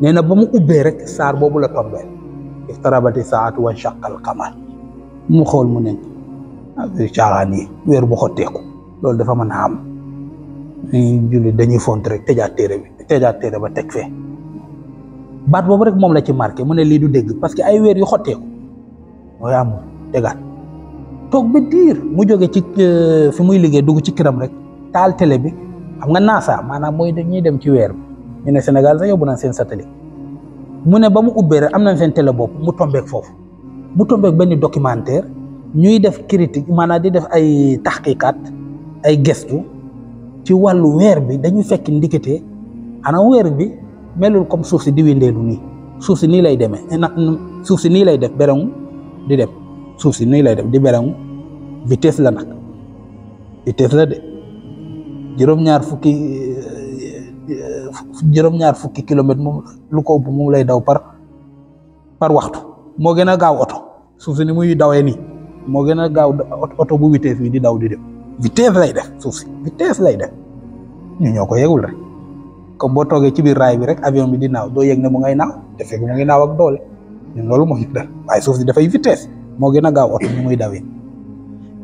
nee na ba mu ubbee rek saar boobu la tombeel iftarabati saatu wa shaqal qamar mu xool mu ne affaire ah, weer bu xotteeku loolu dafa mën a am ñuy dañuy font rek tëjaat téere bi tëjaat téere ba teg fee baat boobu rek moom la ci marqué mu ne lii du dégg parce que ay weer yu xotteeku mooy am tegaat toog ba diir mu jóge ci euh, fi muy liggéey dugg ci këram rek taal télé bi xam nga NASA maanaam mooy ñuy dem ci weer bi ñu ne Sénégal sax yóbbu na seen satelit mu ne ba mu ubbee am na seen télé bopp mu tombeek foofu mu tombeek benn documentaire ñuy def critique maanaam di def ay taxqiqaat ay gestu ci wàllu weer bi dañuy fekk ndikite ana weer bi melul comme suuf si di windeelu nii suuf si nii lay demee na suuf si nii lay def bereŋu di dem suuf si nii lay dem di bereŋu vitesse la nag vitesse la de juróom-ñaar fukki juróom-ñaar fukki kilomètre moom lu ko ëpp moom lay daw par par waxtu moo gën a gaaw oto suuf si ni muy dawee nii moo gën a gaaw oto bu vitesse bi di daw di dem vitesse lay def suuf si vitesse lay def ñu ñoo ko yegul rek comme boo toogee ci biir raay bi rek avion bi di naaw doo yëg ne mu ngay naaw te fekk mu ngi naaw ak doole ñun loolu moo ñu dal waaye suuf si dafay vitesse moo gën a gaaw oto ni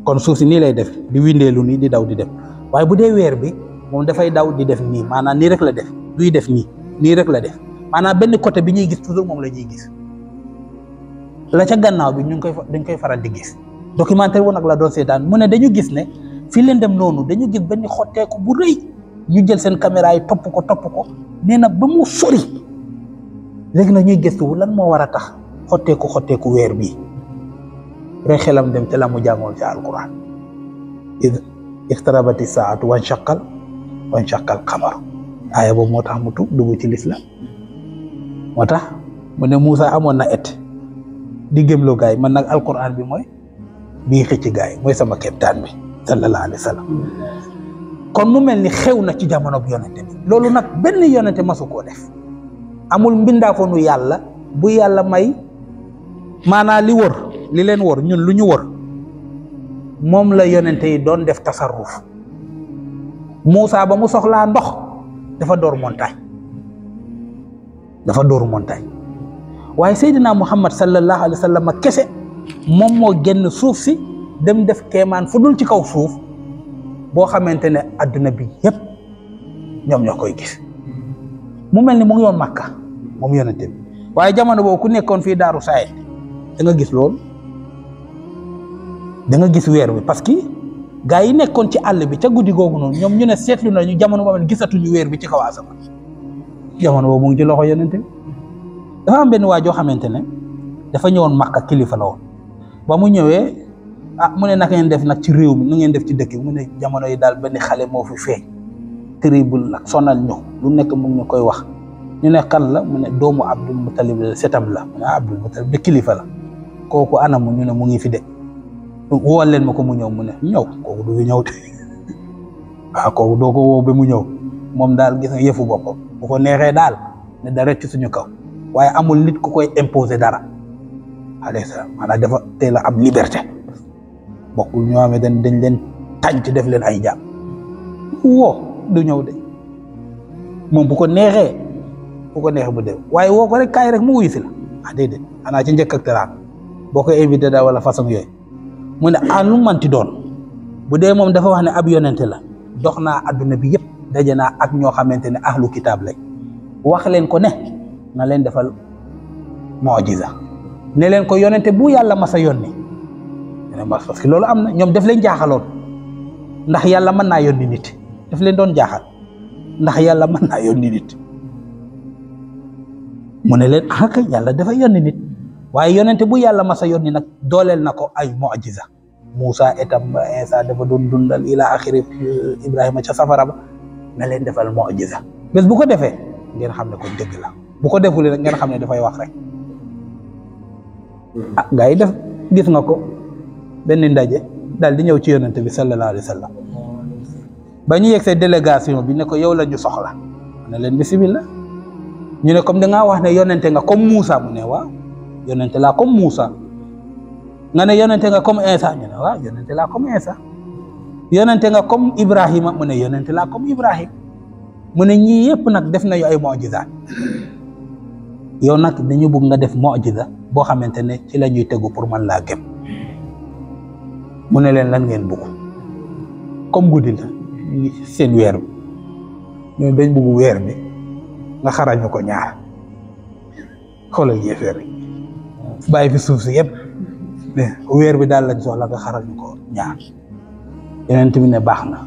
kon suuf si nii lay def di windeelu nii di daw di dem waaye bu dee weer bi moom dafay daw di def nii maanaam nii rek la def duy def nii nii rek la def maanaam benn côté bi ñuy gis toujours moom la ñuy gis la ca gannaaw bi ñu ngi koy dañ koy faral di gis documentaire woon ak la doon seetaan mu ne dañu gis ne fi leen dem noonu dañu gis benn xotteeku bu rëy ñu jël seen caméra yi topp ko topp ko nee na ba mu sori léegi nag ñuy gëstu lan moo war a tax xotteeku xotteeku weer bi rek xelam dem te la mu jàngoon ca alquran id ixtarabati saatu wanshaqal wanshaqal xamaru aaya boobu moo tax mu tuub dugg ci lislam moo tax mu ne Moussa amoon na et di gëmloo gars yi man nag alquran bi mooy bii xëcc gars yi mooy sama keptaan bi sallallahu alayhi wa sallam kon mu mel ni xew na ci jamono bu yonente bi loolu nag benn yonente masu koo def amul mbindaafonu yàlla bu yàlla may maanaa li wër li leen wër ñun lu ñu wër moom la yonente yi doon def tasarruf Moussa ba mu soxlaa ndox dafa door montagne dafa door montagne waaye Seydina Muhammad sallallahu alayhi wa sallam kese moom moo génn suuf si dem def kemaan fu dul ci kaw suuf boo xamante ne adduna bi yépp ñoom ñoo koy gis mu mel ni mu ngi yoon Makka moom yonente bi waaye jamono boobu ku nekkoon fii Daaru Saayid danga gis loolu da nga gis weer wi parce que gaa yi nekkoon ci àll bi ca guddi googu noonu ñoom ñu ne seetlu nañu jamono boobu gisatuñu weer bi ci kaw asamaan jamono boobu mu ngi ci loxo yonente dafa am benn waa joo xamante ne dafa ñëwoon Makka kilifa la woon ba mu ñëwee ah mu ne naka ngeen def nag ci réew mi nu ngeen def ci dëkk mu ne jamono yi daal benn xale moo fi feeñ terrible nag sonal ñu lu nekk mu koy wax ñu ne kan la mu ne doomu Abdul Mutalib la setam la mu ne ah, Abdul Mutalib de kilifa la kooku anamu ñu ne mu ngi fi de woo leen ma ko mu ñëw mu ne ñëw kooku du ñëw te waaw ah, kooku doo ko woo ba mu ñëw moom daal gis nga yëfu boppam bu ko neexee daal ne da suñu kaw. waaye amul nit ku koy imposer dara alayhi salaam maanaam dafa teel a liberté bokkul ñoo xamante ne dañ leen tañ tànc def leen ay jaam woo du ñëw de moom bu ko neexee bu ko neex bu dee waaye woo ko rek kaay rek mu wuyu si ah, xanaa ci njëkk ak teraanga boo ko invité daal wala façon yooyu mu ne ah lu manti doon bu dee moom dafa wax ne ab yonente la dox naa adduna bi yëpp daje naa ak ñoo xamante ne ahlu kitaab lañ wax leen ko ne. na leen defal moojiza ne leen ko yonente bu yàlla mas a yónni parce que loolu am na ñoom daf leen jaaxaloon ndax yàlla mën naa yónni nit daf leen doon jaaxal ndax yàlla mën naa yónni nit mu ne leen ah kay yàlla dafa yónni nit waaye yonente bu yàlla mas a yónni nag dooleel na ko ay moojiza Moussa itam Insa dafa doon dundal ila axiri Ibrahima ca safara ba na leen defal moojiza bés bu ko defee ngeen xam ne ko dëgg bu ko deful rek ngeen xamne da dafay wax rek ah def gis nga ko benn ndaje dal di ñew ci yonent bi sallallahu alaihi wasallam ba ñu yegsee délégation bi ne ko yow la ñu soxla ne len bismillah ñu ne comme da nga wax ne yonent nga comme Moussa mu ne wa yonent la comme Moussa nga ne yonent nga comme Isa. ñu ne wa yonent la comme Isa yonent ya nga comme Ibrahim mu ne yonent la comme Ibrahim mu ne ñi ya, nak def ay yow nag dañu bëgg nga def mu'jiza boo xamante ne ci la ñuy tegu pour man laa gëm mu ne leen lan ngeen bëgg comme guddi la seen weer bi ñoom dañ bëgg weer bi nga xarañu ko ñaar xoolal yéefeer yi bàyyi suuf si yëpp weer bi daal lañ soxla nga ko ñaar yeneen tamit ne baax na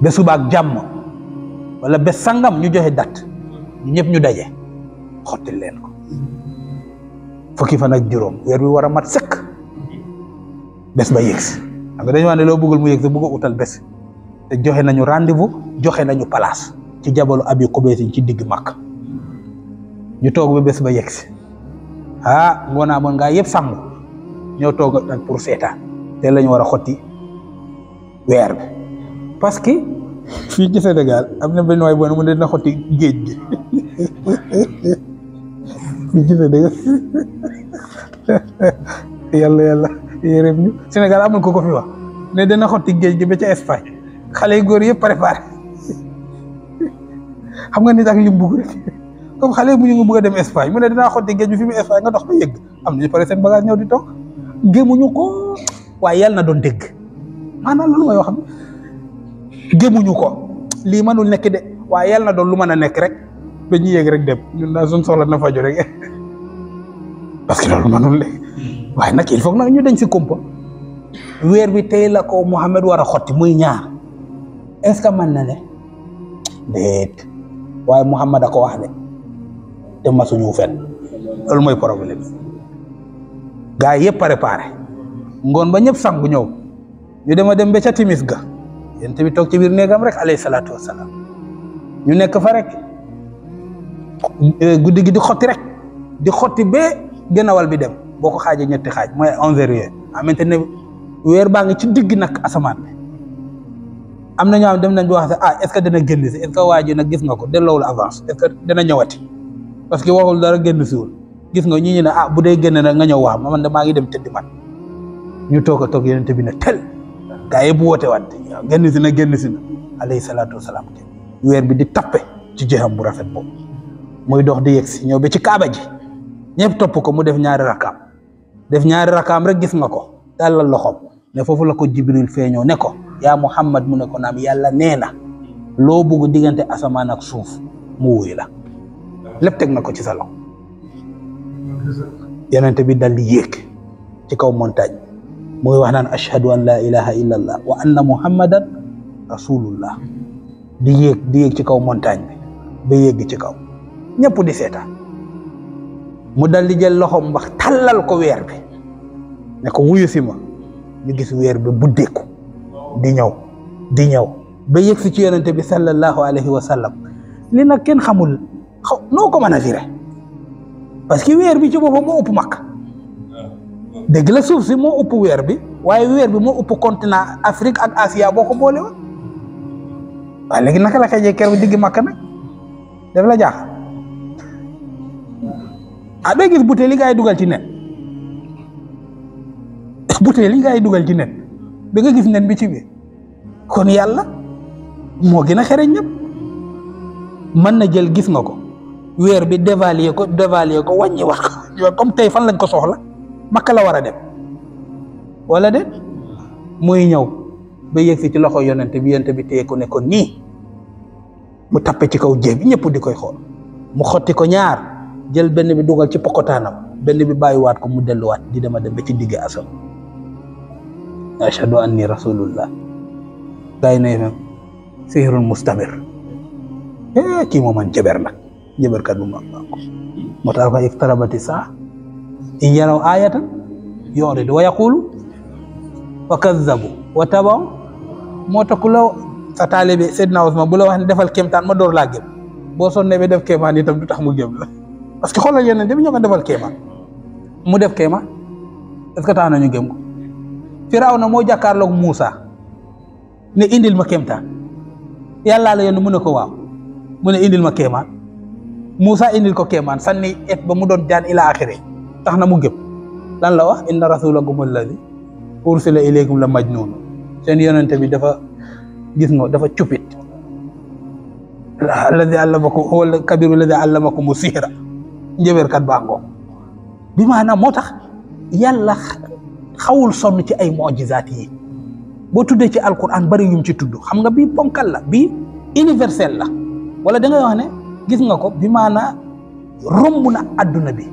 ba suba jàmm walla bes sangam ñu joxe date ñëpp ñu daje xotel len ko fukki fan ak juróom wer bi wara mat sekk bes ba yex nga dañu wane lo bëggul mu yex bu ko utal bes te joxe nañu rendez-vous joxe nañu place ci jabalu abi xubeesin ci digg makk ñu tok ba bes ba yex ha ah, ngona mon nga yeb sangu ñoo tok nag pour seetaan te lañu wara xoti wer bi parce que fi ci senegal amna na way bon mu ne dina xotti gi Biñu gitu, dëgg yàlla yàlla yërëm iya, ñu Sénégal amul ko ko fi wax ne dana xotti géej gi ba ca Espagne xale yu góor yëpp préparé xam nga nit ak li mu bugg rek comme xale yi mu ngi bëgg dem Espagne mu ne dinaa xotti géej bi fi mu Espagne nga dox ba yëgg am nañu pare seen bagage ñëw di toog gémuñu ko waaye yàlla na doon dégg maanaam loolu mooy wax gémuñu ko lii mënul nekk de waaye yàlla na doon lu mën nekk rek. dañuy yéeg rek dem ñun daal suñ soxla na faju rek parce que loolu manul léegi waaye nag il foog na ñu dañ si kumpa weer bi tey la ko Mouhamed war a xotti muy ñaar est-ce que mën na ne déet waaye Mouhamed a ko wax de te masuñu fen loolu mooy problème gaa yëpp préparé ngoon ba ñëpp sangu ñëw ñu dema dem ba ca timis ga yéen tamit toog ci biir néegam rek alayhi salaatu wasalaam ñu nekk fa rek Euh, guddi gi di xotti rek di xotti ba gannawal bi dem boo ko xaajee ñetti xaaj mooy onze heures yooyu xamante ne weer baa ngi ci digg nag asamaan bi am na ñoo nañ bi wax sax ah est ce que dana génn si est ce waa ji nag gis nga ko delloowul avance est ce que dana ñëwati parce que waxul dara génn siwul gis nga ñi ñu ne ah bu dee génn na nga ñëw wax ma man maa ngi dem tëddi man ñu toog a toog yonent bi ne tel gaa bu woote waat génn si na génn si na alayhi salaatu wasalaam weer bi di tappe ci jeexam bu rafet boobu muy dox di yegg si ñëw ba ci kaaba ji ñëpp topp ko mu def ñaari rakaam def ñaari rakaam rek gis nga ko tàllal loxoom ne foofu la ko jibril feeñoo ne ko yaa muhammad mu ne ko naam yàlla nee na loo bugg diggante asamaan ak suuf mu wuy la lépp teg na ko ci sa loxo yonente bi dal di yéeg ci kaw montagne mu ngi wax naan ashhadu an la ilaha illa allah wa anna muhammadan rasulullah di yéeg di ci kaw montagne bi ba yéeg ci kaw ñépp di seetaan mu dal di jël loxoom wax tàllal ko weer bi ne ko wuyu si ma ñu gis weer bi buddeeku di ñëw di ñëw ba yëg si ci yonente bi sallallahu alayhi wa sallam li nag kenn xamul xaw noo ko mën a firé parce que weer bi ci boppam moo ëpp mag dëgg la suuf si moo ëpp weer bi waaye weer bi moo ëpp continent Afrique ak Asia boo ko boole woon waaye léegi naka la ka jee ker bi digg makk nag daf la jaaxal ah doo gis butéel yi ngay dugal ci nen butéel yi ngay dugal ci nen bi nga gis nen bi ci biir kon yàlla moo gën a xereñ mën na jël gis nga ko weer bi dévaluer ko dévaluer ko wàññi wax yow comme tey fan lañ ko soxla makka la war a dem walla de muy ñëw ba yëg si ci loxo yonent bi yonent bi téye ko ne ko nii mu tappe ci kaw jéeb bi ñëpp di koy xool mu xotti ko ñaar. jël benn bi dugal ci pokotaanam benn bi bàyyiwaat ko mu delluwaat di dema dem ba ci digg asal ashhadu anni rasulullah gaay na mustamir eh, kii moo man jëber nag jëberkat bu mag mag moo tax fa iftarabati saa in yaraw ayatan yuridu wa yaqulu wa kazzabu wa tabaw moo tax ku la sa taalibe Seydina Ousmane bu la wax ne defal kéemtaan ma door laa gëm boo sonnee ba def kéemaan itam du tax mu gëm parce que xoolal yeneen dem ñoo ko defal kéema mu def kéema est que tax nañu gëm ko Firawna moo jàkkaarloog Muusa ne indil ma kéemtaan yàllaa la yenn mu ne ko waaw mu ne indil ma kéemaan Muusa indil ko kéemaan sànni et ba mu doon jaan ila tax na mu gëm lan la wax inna rasulakum alladi ursila ilaykum la majnun seen yonente bi dafa gis nga dafa cupit alladi allamakum huwa kabiru alladi allamakum njëbeerkat baa ngoog bi maanaam moo tax yàlla xawul sonn ci ay mojizaat yi boo tuddee ci alquran bari yum ci tudd xam nga bii ponkal la bii universel la wala da ngay wax ne gis nga ko bi maanaa romb na adduna bi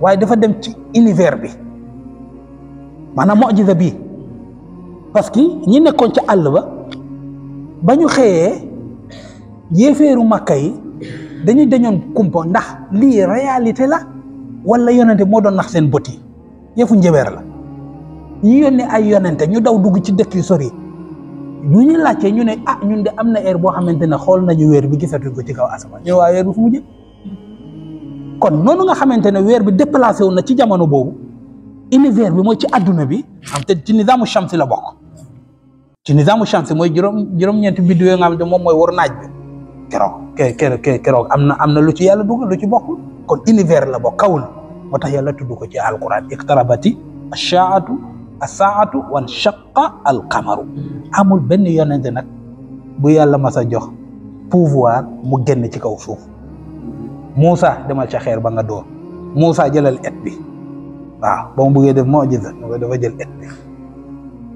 waaye dafa dem ci univers bi maanaam mojiza bi parce que ñi nekkoon ca àll ba bañu ñu xëyee yéeféeru màkka yi dañuy dañoon kumpa ndax lii réalité la wala yonente moo doon nax seen bët yi yëfu njëbeer la ñu yónni ay yonente ñu daw dugg ci dëkk yu sori ñu laaj laajte ñu ne a ah, ñun de am na heure boo xamante ne xool nañu weer bi gisatuñ ko ci kaw asamaan ñu waa weer bi fu mu jëm kon noonu nga xamante ne weer bi déplacé wu na ci jamono boobu univers bi mooy ci adduna bi xam te ci nizaamu chamsi la bokk ci nizaamu chamsi mooy juróom juróom-ñeenti biddiw nga xam moom mooy war naaj bi keroog keroog keroog am na am na lu ci yàlla dugal lu ci bokkul kon univers la ba kaw moo tax yàlla tudd ko ci alquran iqtarabati ashaatu asaatu wan shaqa alqamaru amul benn yonente nag bu yàlla mas jox pouvoir mu génn ci kaw suuf Moussa demal ca xeer ba nga door Moussa jëlal et bi waaw ba mu buggee de mojisa mu dafa jël et bi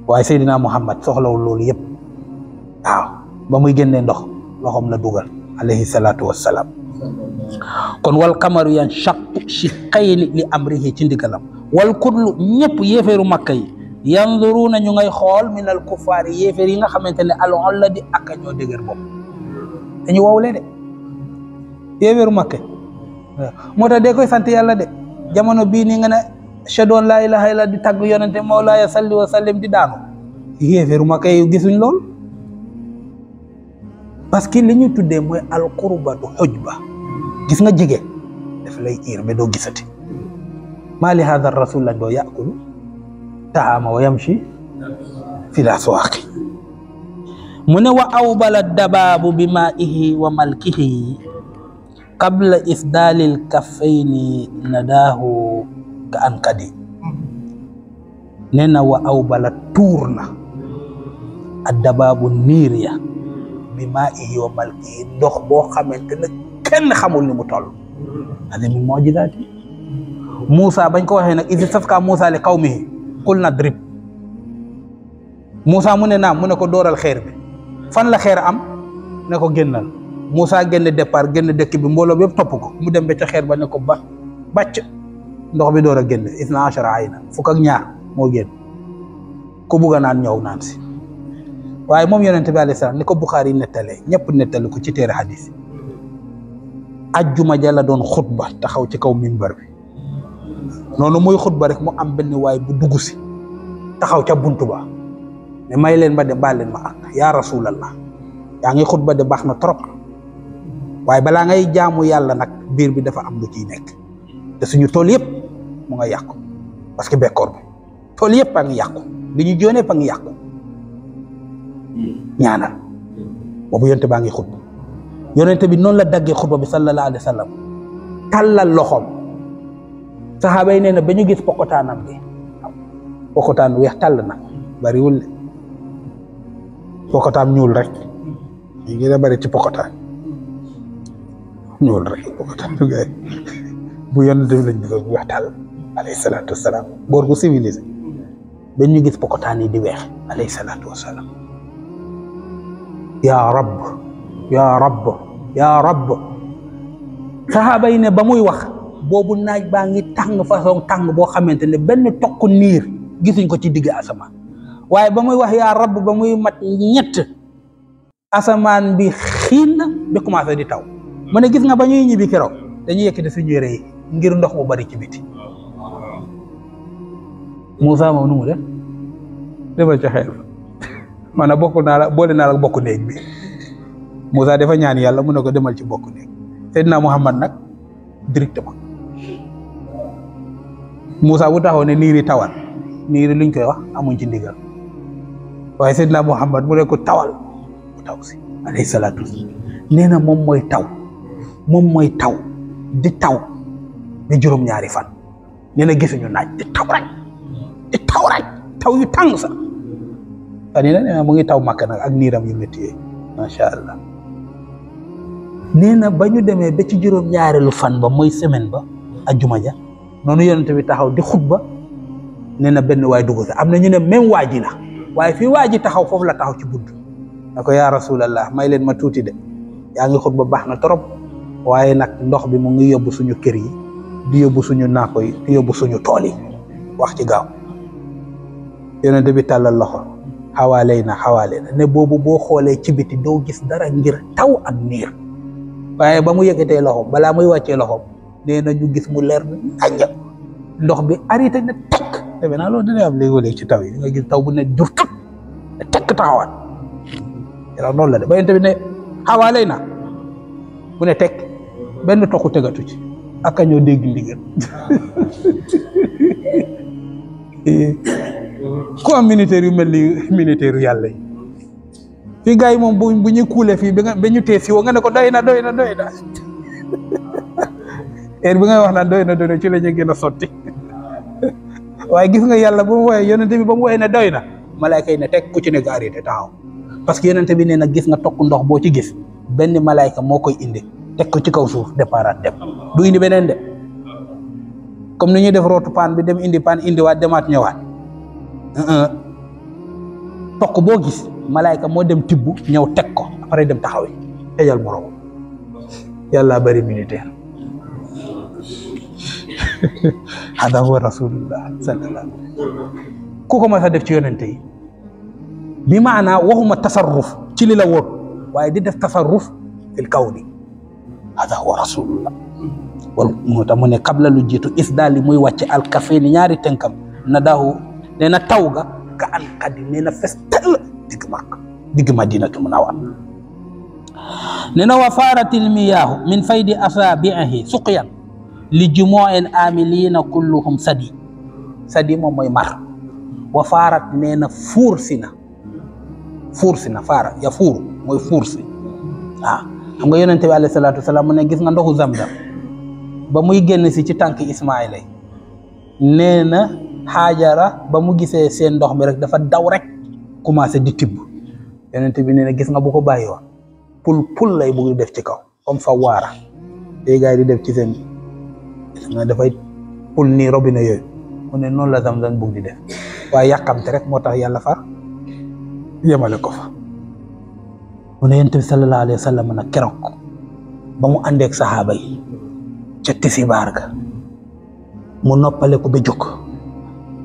mu Seydina Muhammad soxlawul loolu yëpp waaw ba muy génnee ndox loxoom la dugal alayhi salaatu wassalaam kon wal kamaru yan chaq shi xayni li amrihi ci ndigalam wal kullu ñëpp yéeféeru makka yi yanzuruna ñu ngay xool min al kufaar yi nga xamante ne alon la di ak ñoo dëgër bopp dañu wowle de yéeféeru makka moo tax de koy sant yàlla de jamono bii nii nga ne shadoon laa ilaha illa di tagg yonente mawlaaya salli wa sallim di daanu yéeféeru makka yi gisuñ lool parce que li ñu tuddee mooy alqurbatu xujba gis nga jigéen daf lay iir ba doo li hada rasul la doo yaakulu taama wa yamshi fi la mu ne wa awbala dabaabu bi maihi wa malkihi qabla isdaalil kaffayni nadaahu ka ankadi nee na wa awbala tuur na dabaabu niir bi maa ihi wa ndox boo xamante ne kenn xamul ni mu toll ade mi moo jidaati Moussa bañ ko waxee nag isi saskaa Moussa li qawmihi na nadrib Moussa mu ne naam mu ne ko dooral xeer bi fan la xeer am ne ko génnal Moussa génn départ génn dëkk bi mbooloo yëpp topp ko mu dem ba ca xeer ba ne ko ba bàcc ndox bi door a génn isna achara ayna fukk ak ñaar moo génn ku bugg a naan ñëw naan si waaye moom yonent bi alayhi salaam ni ko Buxaari nettalee ñëpp nettali ko ci téere xadis ajjuma ja la doon xutba taxaw ci kaw mimbar bi noonu muy xutba rek mu am benn waay bu dugg si taxaw ca buntu ba ne may leen ba de baal leen ma ak yaa rasulallah yaa ngi xutba de baax na trop waaye balaa ngay jaamu yàlla nag biir bi dafa am lu ciy nekk te suñu tool yëpp mu nga yàqu parce que bekkoor bi tool yëpp a ngi yàqu bi ñu joonee a ngi yàqu ñaanal boobu yonte baa ngi xutba yonente bi noonu la daggee xutba bi sallallahu alayhi wa sallam tàllal loxoom saxaaba yi nee na ba ñu gis pokotaanam bi pokotaan weex tàll na bariwul de pokotaan ñuul rek ñu ngi la bari ci pokotaan ñuul rek bu yonente bi lañ weex tàll alayhi salaatu wasalaam góor gu civilisé ba gis pokotaan yi di weex alayhi salaatu wasalaam yaa rab yaa rab yaa rab saxaaba yi ne ba muy wax boobu naaj baa ngi tàng façon tàng boo xamante ne benn tokk niir gisuñ ko ci digg asamaan waaye ba muy wax yaa rab ba muy mat ñett asamaan bi xiin na bi commencé di taw mu ne gis nga ba ñuy ñibbi keroog dañuy yëkkati suñuy rëy ngir ndox bu bari ci biti Moussa moom nu mu maanaam bokkul naa la boole naa la bokk néeg bi Moussa dafa ñaan yàlla mun ne ko demal ci bokk néeg Seydina Muhammad nag directement Moussa bu taxaw ne niiri tawal niiri luñ koy wax amuñ ci ndigal waaye Seydina Muhammad mu ne ko tawal mu taw si alayhi salaatu moom mooy taw moom mooy taw di taw di juróom-ñaari fan nee na gisuñu naaj di taw di taw yu tàng sa ani na mu ngi taw màkk nag ak niiram yu métti allah nee na ba ñu nyari ci juróom-ñaareelu fan ba semaine ba ajuma ja bi taxaw di khutbah, nee na way waay Amnanya am na ñu ne même waa ji la waaye fii waa ji taxaw ya la taxaw ci ya rasulallah may ma trop ndox bi mu ngi yóbbu suñu kër yi di yóbbu suñu naako yi di yóbbu suñu tool yi wax ci gaaw bi xawaalee na xawaalee na ne boobu boo xoolee ci biti doo gis dara ngir taw ak niir waaye ba mu yëkkatee loxoom balaa muy wàccee loxo nee na ñu gis mu leer naññ ndox bi arrêté na takk defe naa loolu dina ci taw yi nga gis taw bu ne jur la de ba na bu ne tekk benn toxu tegatu ci ak a ñoo dégg ndigal ko am militaire yu mel ni militaire yu yàlla yi fii gars yi moom bu bu ñu kuulee fii ba nga ba ñu tee si nga ne ko doy na doy na doy na heure bi ngay wax naan doy na doy ci la ñu a sotti waaye gis nga yàlla ba mu woowee yonente bi ba mu woowee ne doy na malaayka yi ne teg ku ci ne nga arrêté taxaw parce que yonente bi nee na gis nga tokk ndox boo ci gis benn malaayka moo koy indi teg ko ci kaw suuf départ dem du indi beneen de comme nu ñuy def rootu paan bi dem indi paan indiwaat demaat ñëwaat. Euh, toq boo gis malaayka moo dem tibb ñëw teg ko dem taxawe tejal moroom yàlla bari militaire hada huwa rasulullah ku ko mas def ci yonente yi bi maanaa waxuma tasarruf ci li la woon waaye di def tasarruf fil kawni hada huwa rasulullah wal moo tax mu ne kabla lu jiitu isdaal li muy wàcce alkafeeni ñaari tënkam na daahu nee na taw ga ka alxadim nee na fes tell digg màkk digg madinatu munawwar nee na wa faaratil miyaahu min faydi asaabiihi suqyan li jumooen kulluhum sadi sadi moom mooy mar wa faarat nee na fuur si na fuur si faara ya fuur mooy fuur si waaw xam nga yonente bi alayhi salaatu wasalaam mu ne gis nga ndoxu zamzam ba muy génn si ci tànk Ismaayla nee na xaajara ba mu gisee seen ndox mi rek dafa daw rek commencé di tibb yonent bi nee na gis nga bu ko bàyyi woon pul pul lay bugg di def ci kaw comme fa waara day gars yi di def ci seen gis nga dafay pul nii robinet yooyu mu ne noonu la Zamzam bugg di def waaye yàkkamte rek moo tax yàlla fa yemale ko fa mu ne yonent bi sallallahu alayhi wa sallam keroog ba mu àndeek saxaaba yi ca tisibaar ga mu noppale ko ba jukk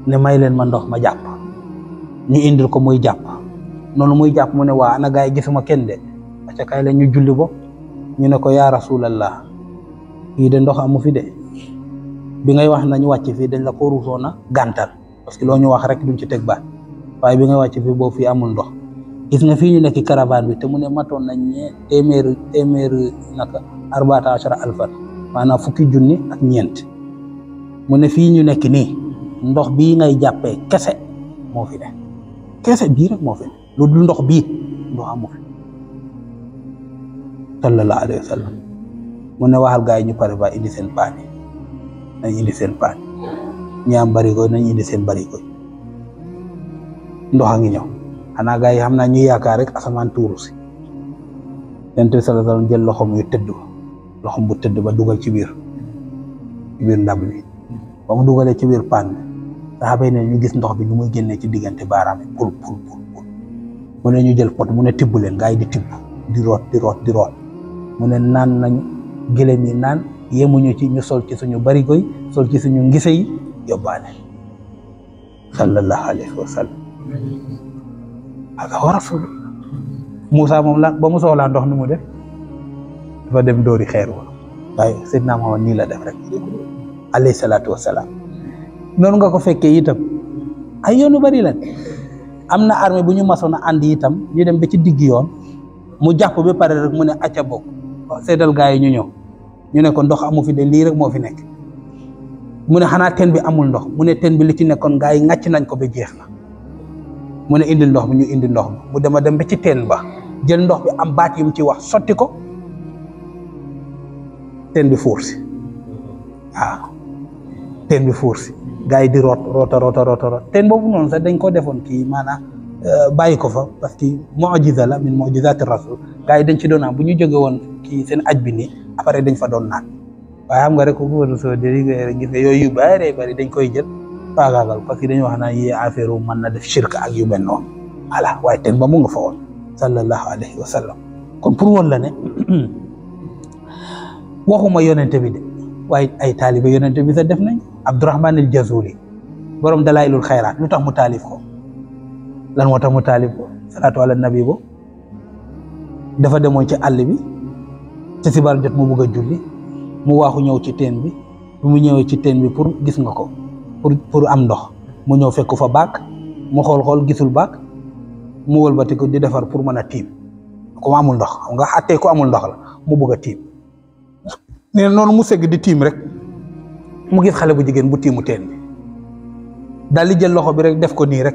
ne may ma ndox ma jàpp ñu indil ko muy jàpp noonu muy jàpp mu ne waa ana gaay gisuma kenn de aca kaay la ñu julli bo ñu ne ko yaa rasulallah fii de ndox amu fi de bi ngay wax nañu wàcc fii dañ la ko ruusoon a gàntal parce que loo ñu wax rek duñ ci teg baat waaye bi ngay wàcc fii boo fii amul ndox gis nga fii ñu nekk caravane bi te mu ne matoon nañ ñe téeméeri téeméeri naka arbaata achara alfan fukki junni ak ñeent mu ne ñu nekk nii ndox bii ngay jàppee kese moo kese bii rek moo lu dul ndox bii ndox amu fi sallallahu alayhi wa sallam mu ne waxal gaa yi ñu pare ba indi seen paan yi nañ indi seen paan ñi am barigo nañ indi seen barigo ndox a ngi ñëw xanaa gaa yi xam naa ñuy yaakaar rek asamaan tuuru si yonent bi sallallahu jël loxom yu tëdd loxom bu tëdd ba dugal ci biir ci biir ndab li ba mu dugalee ci biir paan a yi ne ñu gis ndox bi ñu muy génnee ci diggante baaraam yi pul pul mu ne ñu jël pot mu ne tibb leen gaa yi di tibb di root di root di root mu ne naan nañu gëlëm yi naan yemuñu ci ñu sol ci suñu barigo yi sol ci suñu ngise yi yóbbaale sallallahu alayhi wa sallam moom la ba mu soxlaa ndox nu mu def dafa dem dóori xeer wa waaye Seydina Muhammad nii la def rek alayhi salaatu wa noonu nga ko fekkee itam ay yoon yu bari la am na armée bu ñu masoon a ànd itam ñu dem ba ci digg yoon mu jàpp ba pare rek mu ne acca bokk seetal gaa yi ñu ñëw ñu ne ndox amu fi de lii rek moo fi nekk mu ne xanaa teen bi amul ndox mu ne teen bi li ci nekkoon gaa yi ŋàcc nañ ko ba jeex na mu ne indi ndox mi ñu indi ndox mi mu dema dem ba ci teen ba jël ndox bi am baat yu mu ci wax sotti ko teen bi fuur si waaw teen bi fuur si gars yi di root roota roota roota root teen boobu noonu sax dañ ko defoon kii maanaam euh, bàyyi ko fa parce que mujiza la min mujizati rasul gars yi dañ ci doon naan bu ñu jóge woon kii seen aj bi nii après fa doon naan xam nga rek ko soo dégg gis nga yooyu yu bari bari dañ koy jël faagaagal parce que dañu wax naan yi affaire mën na def shirk ak yu mel noonu voilà waaye ba mu nga fa woon sallallahu alayhi wa sallam kon pour woon la ne waxuma yonente bi waaye ay taalibe yonente bi sax def nañ Abdourahman al Jazuli borom dalailul xayraat lu tax mu taalif ko lan moo tax mu taalif ko salaatu ala nabi bo dafa demoon ci àll bi ci sibaar jot mu bëgg a julli mu waaxu ñëw ci teen bi bi mu ñëwee ci teen bi pour gis nga ko pour pour am ndox mu ñëw fekk fa baak mu xool-xool gisul baak mu wëlbati ko di defar pour mën a tiim comme amul ndox xam nga xàttee ko amul ndox la mu bëgg a tiim nee non mu segg di tim rek mu gis xalé bu jigen bu timu ten dal li jël loxo bi rek def ko ni rek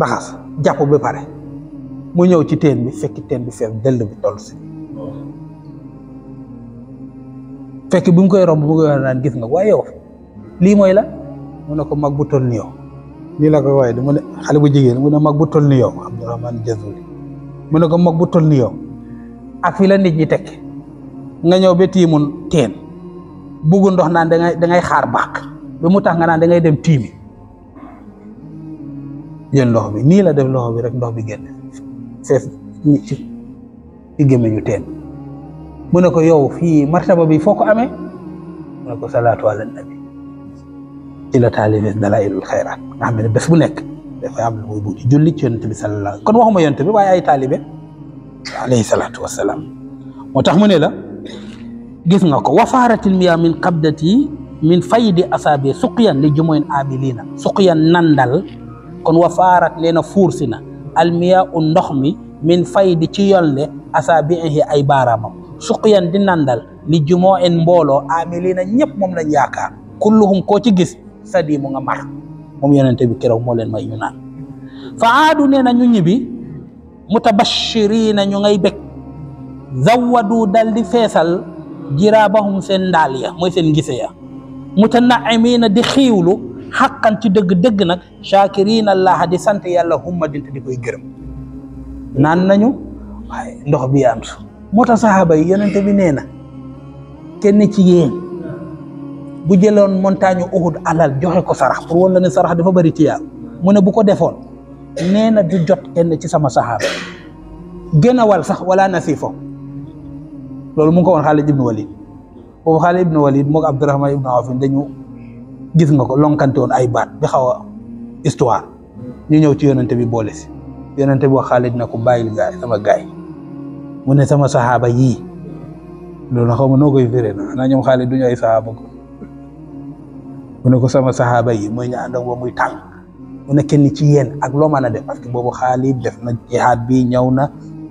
raxas jàpp be pare mu ñew ci ten bi fekk ten bi fef del bi toll ci fekk bu mu koy romb bu koy wax naan gis nga way yow li moy la mu ne ko mag bu toll ni yow lii la ko du mu ne xalé bu jigen mu ne mag bu toll ni yow Abdourahman Jazuli mu ne ko mag bu toll ni yow ak fi la nit ñi tekk nga ñëw ba tiimun teen buggu ndox naan da ngay xaar bàq ba mu tax nga naan da ngay dem tiimi jël ndox bi nii la def loxo bi rek ndox bi génn fees ci ci gémmiñu teen mu ne ko yow fii martaba bi foo ko amee mu ne ko salaatu ala nabi ci la taalifee dalailul xayraat nga xam ne bés bu nekk dafay am lu julli ci yonent bi sallallahu kon waxuma yonent bi waaye ay taalibe alayhi salaatu wasalaam moo tax mu ne la gis nga ko wafaaratil miyaa min qabdati min faydi asaabi suqiyan li jumoyin amilina suqiyan nandal kon wafaarat nee na fuursi na almiyaa u ndox mi min faydi ci yolle asaabihi ay baaraamam suqiyan di nandal li jumoo en mbooloo amilina ñëpp moom lañ yaakaar kulluhum koo ci gis sadi mu nga mar moom yonente bi keroog moo leen may ñu fa aadu nee na ñu ñibbi mutabashirina ñu ngay bég zawadu dal di feesal jiraabahum seen ndaal ya mooy seen gise ya mutanaimiina di xiiwlu xaqan ci dëgg-dëgg nag shaakiriin allah di sant yàlla humma dint di koy gërëm naan nañu waaye ndox bi am su moo tax saxaaba yi yonente bi nee na kenn ci yéen bu jëloon montagne Uhud alal joxe ko sarax pour woon la ne sarax dafa bëri tiyaa mu ne bu ko defoon nee na jot kenn ci sama saxaaba gënawal sax wala nasiifo loolu mu ngi ko woon Xaalid ibnu Walid boobu Xaalid ibnu Walid moog Abdurahman ibnu Awf dañu gis nga ko lonkante woon ay baat bi xaw a histoire ñu ñëw ci yonente bi boole si yonente bi wax Xaalid na ko bàyyil gaay sama gaay mu ne sama saxaaba yi loolu xaw ma noo koy firé na xanaa ñoom Xaalid duñu ay mu ne ko sama saxaaba yi mooy ñu àndoon ba muy tàng mu ne kenn ci yéen ak loo mën a def parce que boobu Xaalid def na jihaad bi ñaw na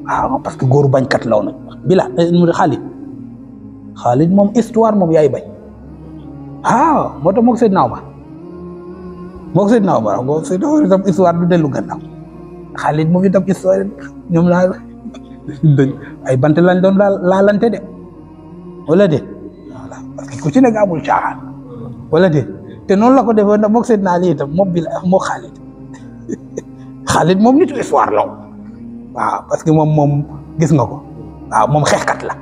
ah parce que góoru bañkat law nag bila eh, mu di xaalit xaalit moom histoire moom yaay bañ ah moo tax mook Seydina Omar mook Seydina Omar moom ay bant lañ doon laalante de wala de parce que ku ci nekk amul caaxaan de te noonu la ko defee nag mook Seydina Ali itam moom bila moo xaalit xaalit moom nitu histoire law waaw parce que moom moom gis nga ko waaw moom xeexkat la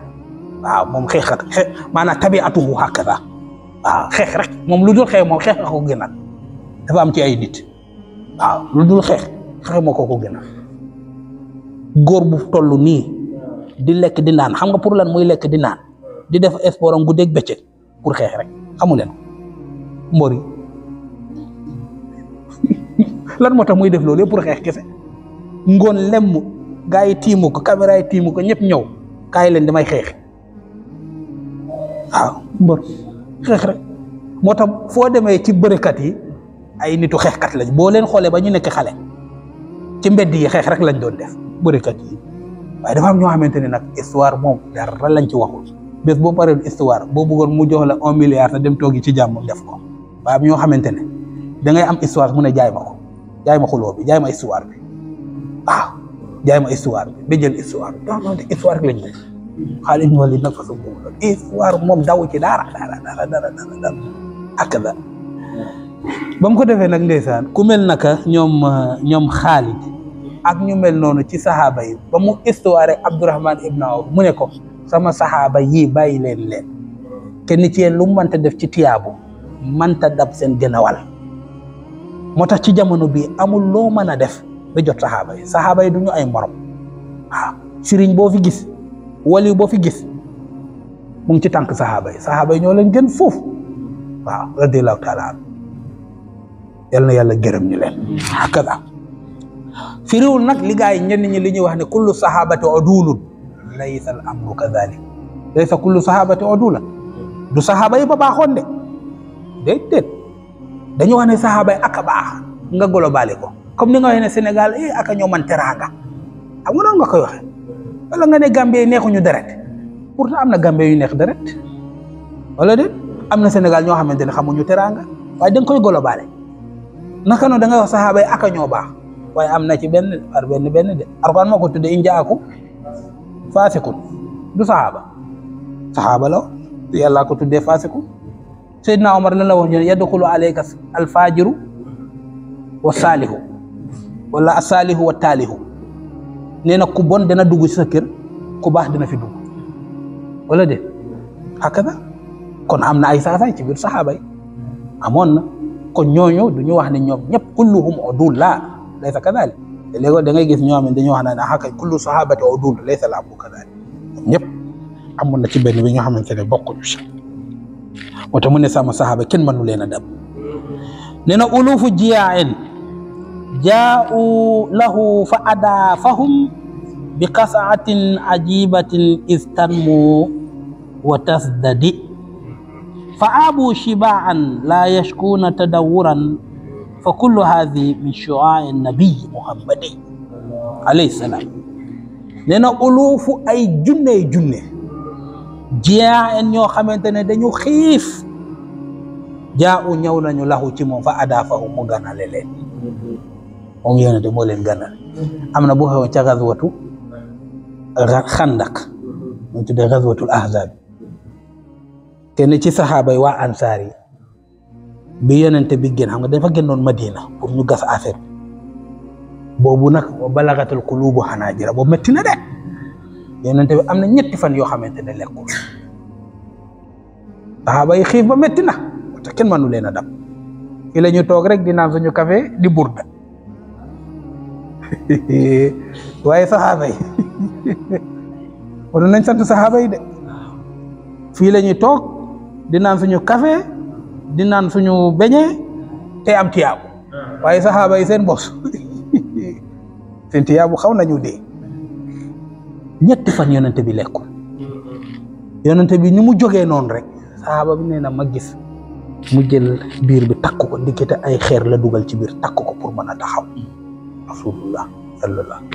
waaw moom xeexkat xeex maanaam tabiatuhu hakaza waaw xeex rek moom lu dul xeex moom xeex nga ko gënal dafa am ci ay nit waaw lu dul xeex xeex ko ko gënal góor bu toll nii di lekk di naan xam nga pour lan muy lekk di naan di def sport am guddeeg bëccëg pour xeex rek xamu leen mbor yi lan moo tax muy def loolu yëpp pour xeex kese ngoon lemm gaa yi tiimu ko caméra yi tiimu ko ñëpp ñëw kaay leen damay xeex waaw ah, mbër xeex rek moo tam foo demee ci bërëkat yi ay nitu xeexkat lañ boo leen xoolee ba ñu nekk xale ci mbedd yi xeex rek lañ doon def bërëkat yi waaye dafa am ñoo xamante ne nag histoire moom dara lañ ci waxul bés boo paree histoire boo bëggoon mu jox la un milliard na dem toogi ci jàmm def ko waaye am xamante ne da ngay am histoire mu ne jaay ma ko jaay ma xuloo bi jaay ma histoire bi ah. jaay ma histoire ba jël histoire non non histoire daw ci dara ba mu ko defee nag ndeysaan ku mel naka ñoom ñoom Xaalid ak ñu mel noonu ci saxaaba yi ba mu histoire Abdurahman ibn mu ne ko sama saxaaba yi bàyyi leen leen kenn ci yéen lu mu mënta def ci tiyaabu mënta dab seen gënawal moo tax ci jamono bi amul loo mën a def ba jot saxaaba yi saxaaba yi du ñu ay morom waaw sëriñ boo fi gis wali boo fi gis mu ngi ci tànk saxaaba yi saxaaba yi ñoo leen gën foofu waaw radiallahu taala an yàlla gërëm ñu leen hakada firiwul nag li gaay ñenn ñi li ñuy wax ne kullu saxaabati odulun laysa al amru kadalik laysa kullu saxaabati odulan du saxaaba yi ba baaxoon de déet déet dañu wax ne saxaaba yi ak baax nga globale ko comme ni nga waxee ne Sénégal eh, ak ñoo man teranga am nga nga koy waxee wala nga ne Gambie ñu deret pourtant amna na Gambie yu neex deret wala déet amna na Sénégal ñoo xamante ne xamuñu teraanga waaye da koy globalé naka no da nga wax saxaaba yi ak ñoo baax way amna ci ben ar ben ben de Alxuraan moo ko tuddee injaakum du saxaaba saxaaba la ko tuddee faasikun Seydina umar la la wax ñu yadkhulu alayka alfaajiru wa salihu wala asaalihu wa taalihu nee na ku bon dana dugg ci sa kër ku baax dina fi dugg wala de hakada kon am na ay saay-saay ci biir saxaaba yi amoon na kon ñooñu du ñu wax ne ñoom ñëpp kulluhum udullah laysa kadalik te léegi da ngay gis ñoo xam ne dañoo wax naan ah kay kullu sahabati udul laysa la abu kadalik ñoom ñëpp amoon na ci benn bi ñoo xamante ne bokkuñu si moo mu ne sama saxaaba kenn mënu leen a dab nee na ulufu jiyaain jaa'u lahu fa adaafahum bi qasaatin ajibatin istanmu wa tasdadi fa abu shibaan la yashkuuna tadawuran fa kullu haadi min shuaai nabii muhammadi alayhi salaam nee na uluufu ay junney junne jaa en ñoo xamante ne dañu xiif jaa u ñëw nañu lahu ci moom fa adaafahu mu gana leen moom de moo leen gànnaar am na boo xew ca gazwatu xandak ñu tuddee gazwatul ahzab kenn ci saxaaba yi waa ansaar yi bi yonente bi génn xam nga dafa génnoon madina pour ñu gas affaire boobu nag balagatal kulubu xanaajira boobu métti na de yonente bi am na ñetti fan yoo xamante ne lekkul saxaaba yi xiif ba métti na kenn mënu leen a dam fi ñu toog rek di naan suñu café di burda waaye saxaaba yi wala nañ sant saxaaba yi de fii lañuy toog di naan suñu café di naan suñu beñe te am tiyaabu waaye saxaaba yi seen bos seen tiyaabu xaw nañu dee ñetti fan yonente bi lekkul yonente bi ni mu jógee noonu rek saxaaba bi nee na ma gis mu jël biir bi takk ko ndikite ay xeer la dugal ci biir takk ko pour mën a taxaw rasulullah sallallahu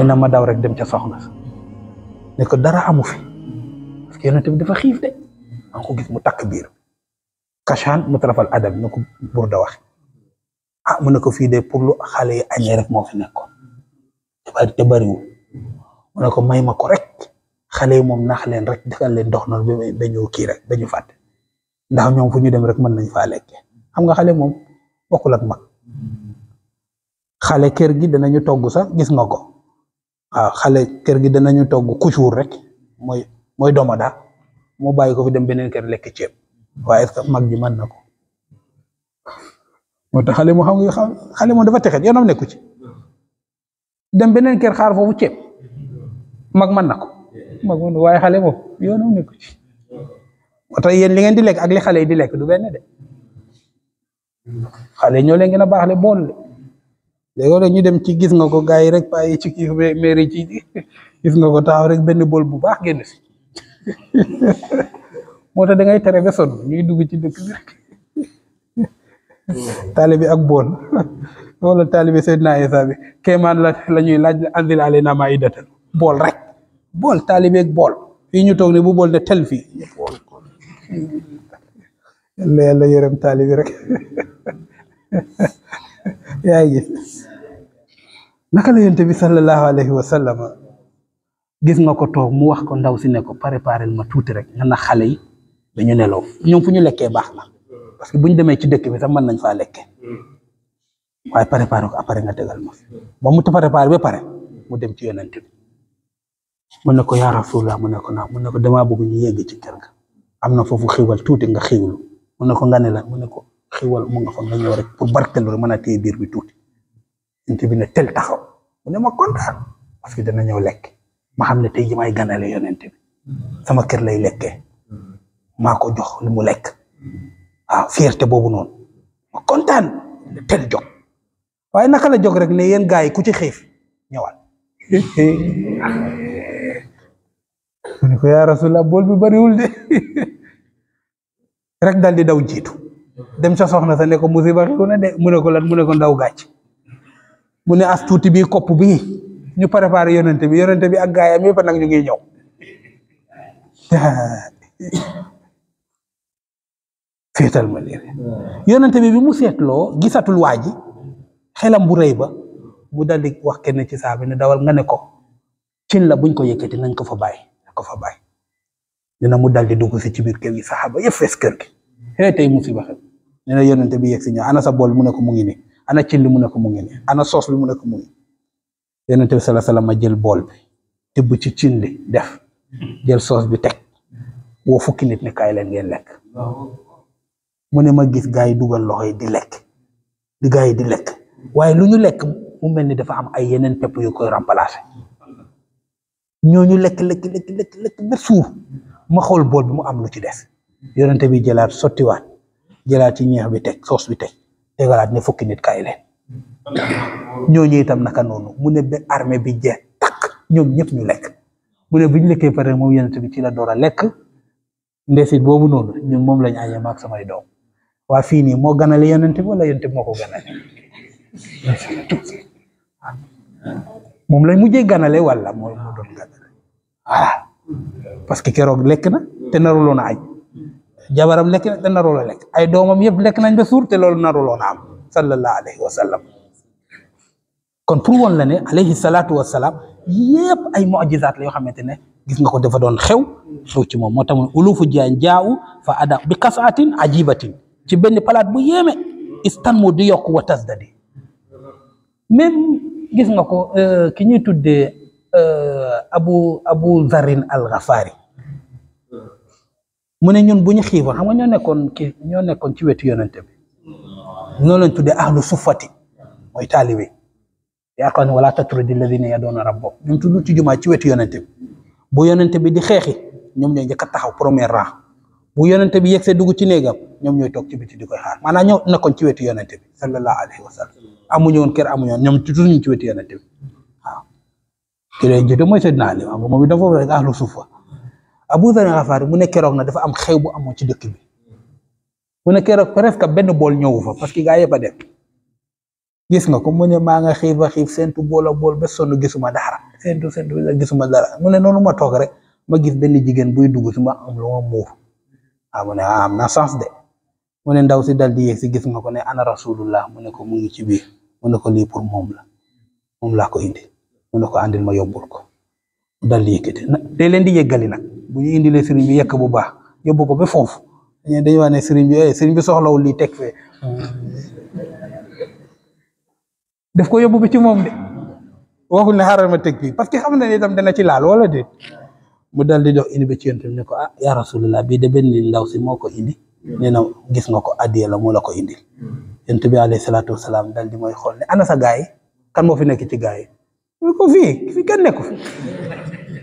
nee na ma daw rek dem ca soxna ne ko dara amu fi parce que yonent bi dafa xiif de maa ko gis mu takk biir kashaan mu tarafal adab ne ko burda wax a ah, mu ne ko fii de pour lu xale yi añee rek moo fi nekkoon te bariwul mu ne ko may ma ko rek xale yi moom nax leen rek defal leen dox noonu ba dañu kii rek dañu fàtte ndax ñoom fu ñu dem rek mën nañ faa lekke xam nga xale moom bokkul ak mag xale kër gi danañu togg sax gis nga ko waaw xale kër gi danañu togg kucuur rek mooy mooy domada mu bàyyi ko fi dem beneen kër lekk ceeb waaye mag ji mën na ko moo tax xale mu xam nga xale moom dafa texet yoonam nekku ci dem beneen kër xaar foofu ceeb mag mën na ko mag mën waaye xale moom yoonam nekku ci moo tax yéen li ngeen di lekk ak li xale yi di lekk du benn de xale ñoo leen a baax le bool léegoo rek ñu dem ci gis nga ko gars yi rek paa ci kii mairie ci gis nga ko taxaw rek benn bool bu baax génn si moo tax da tere ba sonn ñuy dugg ci dëkk bi ak bool wala taalibi Seydina Isa bi la la ñuy laaj andil alayna maidatan bool rek bool taalibi ak bool fii ñu toog ne bu bool ne tel fii bool yàlla yàlla yërëm taalibi rek yaa ngi naka la yonent bi sallallahu alayhi wa sallam gis nga ko toog mu wax ko ndaw si ne ko préparé ma tuuti rek nga na xale yi dañu nelaw ñoom fu ñu lekkee baax na parce que bu demee ci dëkk bi mën nañ faa lekkee waaye préparé ko après nga tegal ma ba mu préparé ba pare mu dem ci yonent bi mu ne ko yaa Rasulullah mu ne ko naa mu ne ko damaa bëgg ñu yegg ci kër ga am na foofu xiwal tuuti nga xiwlu mu ne ko nga ne la mu ne ko mu nga fa nga ñëw rek pour barkelu rek mën a téye biir bi tuuti. yonent bi ne tel taxaw ne ma kontaan parce que dana ñëw lekk ma xam ne tey ji may ganale yonent bi sama kër lay lekkee maa ko jox lu mu lekk waaw ah, fierté boobu noonu ma kontaan tel jog waaye naka la jog rek ne yen gars yi ku ci xiif ñëwal mu ne ko yaa bool bi bariwul dal di daw jiitu dem sa soxna sa ne ko musiba xiw mu ne ko lan mu ndaw gàcc mu ne as bi bii kopp ñu préparer yonenté bi yonenté bi ak gaayam yépp nak ñu ngi ñew fétal ma liir yonenté bi bi mu sétlo gisatul waji xélam bu reey ba mu dal di wax kenn ci saabi ne dawal nga ne ko cin la buñ ko yëkëti nañ ko fa bay ko fa bay dina mu dal di dugg si ci bir kër gi sahaba yëpp fess kër gi hé tay musiba dina yonenté bi yegg si ana sa bol mu ne ko mu ngi ni ana cin li mu nekk mu ngi nii ana soos bi mu nekk mu ngi yonent bi sala sala ma jël bool bi tibb ci cin li def jël soos bi teg woo fukki nit ne kaay leen ngeen lekk mu ne ma gis gaa yi dugal loxo yi di lekk di gaa yi di lekk waaye lu ñu lekk mu mel ni dafa am ay yeneen pepp yu koy ñooñu lekk lekk lekk lekk ba suur ma xool bool bi mu am lu ci des yonent bi jëlaat sottiwaat jëlaat ci ñeex bi teg soos bi teg tegalaat ne fukki nit kaay leen ñooñu itam naka noonu mu ne ba armée bi jeex takk ñoom ñëpp ñu lekk mu ne bu ñu lekkee pare moom yonent bi ci la door a lekk ndeesit boobu noonu ñun moom lañu añee maag samay doom waa fii nii moo ganale yonent bi wala yonent bi moo ko ganale moom lañ mujjee ganale wala moo moo doon ganale voilà parce que keroog lekk na te naruloon a añ jabaram lekk na te narul lekk ay doomam yëpp lekk nañ ba suur te loolu naruloon am sallallahu alayhi wa kon pour woon la ne alayhi salaatu wa salaam yëpp ay mu'jizaat la yoo xamante ne gis nga ko dafa doon xew xew moom moo tax mu ne ulufu jaan jaawu fa ada bi kasaatin ajibatin ci benn palaat bu yéeme istanmu di yokk wa tasdadi même gis nga ko euh, ki ñuy tuddee euh, abu abu al ghafari mu ne ñun bu ñu xiifoon xam nga ñoo nekkoon ki ñoo nekkoon ci wetu yonente bi noonu lañ tuddee ahlu suffati mooy taalibe yaa xam ne wala tatrudi alladina rab bo ñun tudd ci jumaa ci wetu yonente bi bu yonente bi di xeexi ñoom ñooy njëkk taxaw premier rang bu yonente bi yegsee dugg ci néegam ñoom ñooy toog ci biti di koy xaar maanaam ñoo nekkoon ci wetu yonente bi sallallahu alayhi wa sallam amuñu woon kër amuñu woon ñoom tudd ñu ci wetu yonente bi waaw ki lay jiitu mooy Seydina Ali moom it dafa ahlu suffa Abu Dharr Ghafaari mu ne keroog na dafa am xew bu amoon ci dëkk bi mu ne keroog presque benn bool ñëwu fa parce que gaa yëpp a gis nga ko mu ne maa nga xiif a xiif seentu bool a bool ba sonn gisuma dara seentu seentu gisuma dara mu ne noonu ma toog rek ma gis benn jigéen buy dugg si ma am lu ma muur ah, ah, am na sens de mu ne ndaw si dal di yéeg si gis nga ko ne ana rasulullah mu ne ko mu ngi ci biir mu ne ko lii pour moom la moom laa ko indi mu ne ko ma yóbbul ko dal di yëkkati na bu ñu indilee sëriñ bi yekk bu baax yóbbu ko ba foofu ñeen dañuy wax ne sëriñ bi eh, soxla bi lii teg fee daf ko yóbbu ba ci moom de waxul ne xaaral ma teg bi parce que xam na ne itam dana ci laal wala déet mu dal di dox indi ba ci yonent bi ne ko ah yaa rasulullah bii de benn ndaw si moo ko indi nee na gis nga ko addiya la moo la ko indil yonent bi alayhi salaatu wasalaam dal di mooy xool ne ana sa gaay kan moo fi nekk ci gaay yi fi kenn nekku fi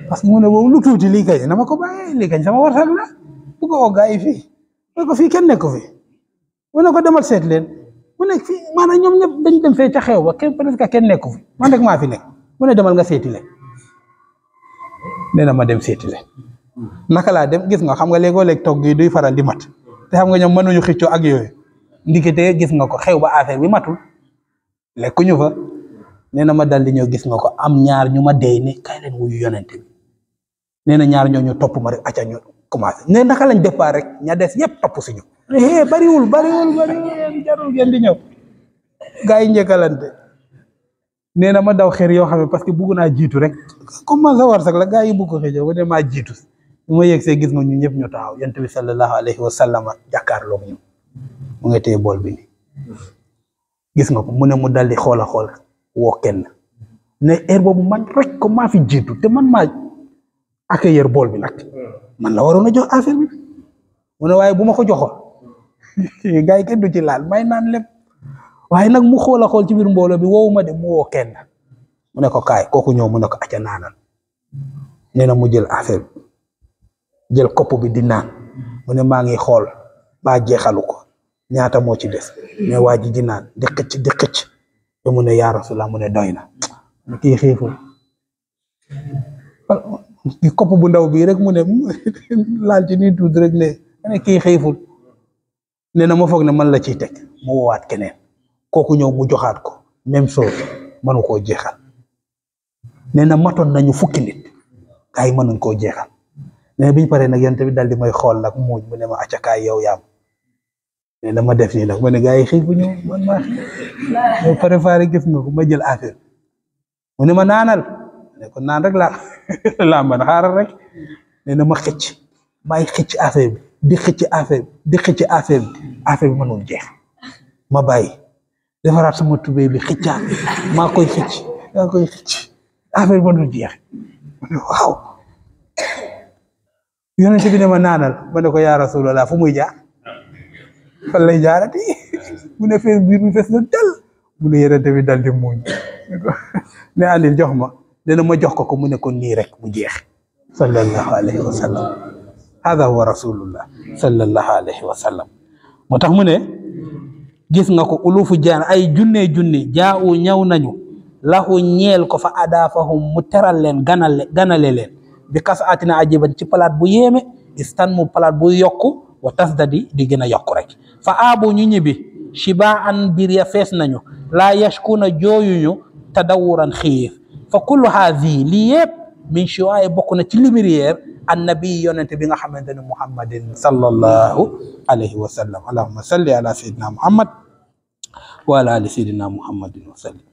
parce que mu ne boobu lu tuuti lii kañ na ma ko bàyyee lii kañ sama warsak la bu ko gaa yi fi mu ne ko fii kenn nekk ko fi mu ne ko demal seet leen mu ne fii maanaam ñoom ñëpp dañ dem fee ca xew ba kenn kenn nekk ko fi maa fi ne demal nga seeti leen na ma dem seeti leen laa dem gis nga xam nga léegoo léeg togg yi duy faral di mat te xam nga ñoom mënuñu xëccoo ak yooyu ndikete gis nga ko xew ba affaire bi matul lekkuñu fa nee na ma dal di ñëw gis nga ko am ñaar ñu ma dee ne kay leen wuyu yonente nee na ñaar ñoo ñu topp ma rek acca ñu commencé ne naka lañ départ rek ña des yëpp topp si ñu. Eh, bariwul bariwul bariwul jarul di ñëw. gaa yi njëkkalante nee na ma daw xeer yoo xam ne parce que bugg naa jiitu rek comme man sa la gaa yi bugg ko jiitu bu ma yegg see gis nga ñu ñëpp ñu taxaw yonent bi sallallahu alayhi wa sallam jàkkaarloog ñu mu nga bool bi nii gis nga ko mu ne mu daldi xoola xool woo kenn ne heure boobu man rek ko maa fi jiitu te man maa. accueillir bool bi nag hmm. man la waroon a jox affaire bi mu ne waaye bu ma ko joxoon gars yi kenn du ci laal may naan lépp waaye nag mu xool xool ci biir mbooloo bi woowu ma de mu woo kenn mu ne ko kaay kooku ñëw mu ne ko acca naanal nee na mu jël affaire bi jël kopp bi di naan mu ne maa ngi xool ba jeexalu ko ñaata moo ci def mais waa ji di naan di xëcc di xëcc te mu ne yaa Rasulullah mu ne doy na kii xiiful kopp bu ndaw bi rek mu ne laal ci nii tuuti rek ne ne kii xiiful nee na ma foog ne man la ciy teg mu woowaat keneen kooku ñëw mu joxaat ko même chose mënu koo jeexal nee na matoon nañu fukki nit gars yi mënuñ koo jeexal nee na biñ paree nag yonent bi daal di may xool nag muuñ mu ne ma acakaay yow yaam nee na ma def nii nag ma ne gars yi xiifuñu man maa préparé gis nga ko ma jël affaire mu ma naanal. ne ko naan rek laa laa xaaral rek nee na ma xëcc may xëcc affaire bi di xëcc affaire bi di xëcc bi affaire bi mënul jeex ma bàyyi defaraat sama tubéy bi xëccaat maa koy xëcc maa koy xëcc affaire bi mënul jeex waaw yonent bi ne ma naanal ma ne ko yaa rasulallah muy jaar fan lay jaarati mu ne fees biir bi fees na dal mu ne yonent bi dal di muuñ ne andil jox ma nee ma jox ko ko mu ne ko nii rek bu jeex sallallahu alayhi wa sallam hada rasulullah sallallahu alayhi wa moo tax mu ne gis nga ko ulufu jaan ay junne junne jaawu ñëw nañu lahu ñeel ko fa adaafahum mu teral leen ganale ganale leen bi atina ajiban ci palaat bu yéeme istan mu palaat bu yokku wa tasdadi di gën a yokku rek fa aabu ñu ñibbi shibaan biir ya fees nañu laa yashkuna jooyuñu tadawuran xiif فكل هذه ليب من شواي بكون تلمرير النبي يونت بن أحمد محمد صلى الله عليه وسلم اللهم صل على سيدنا محمد وعلى آل سيدنا محمد وسلم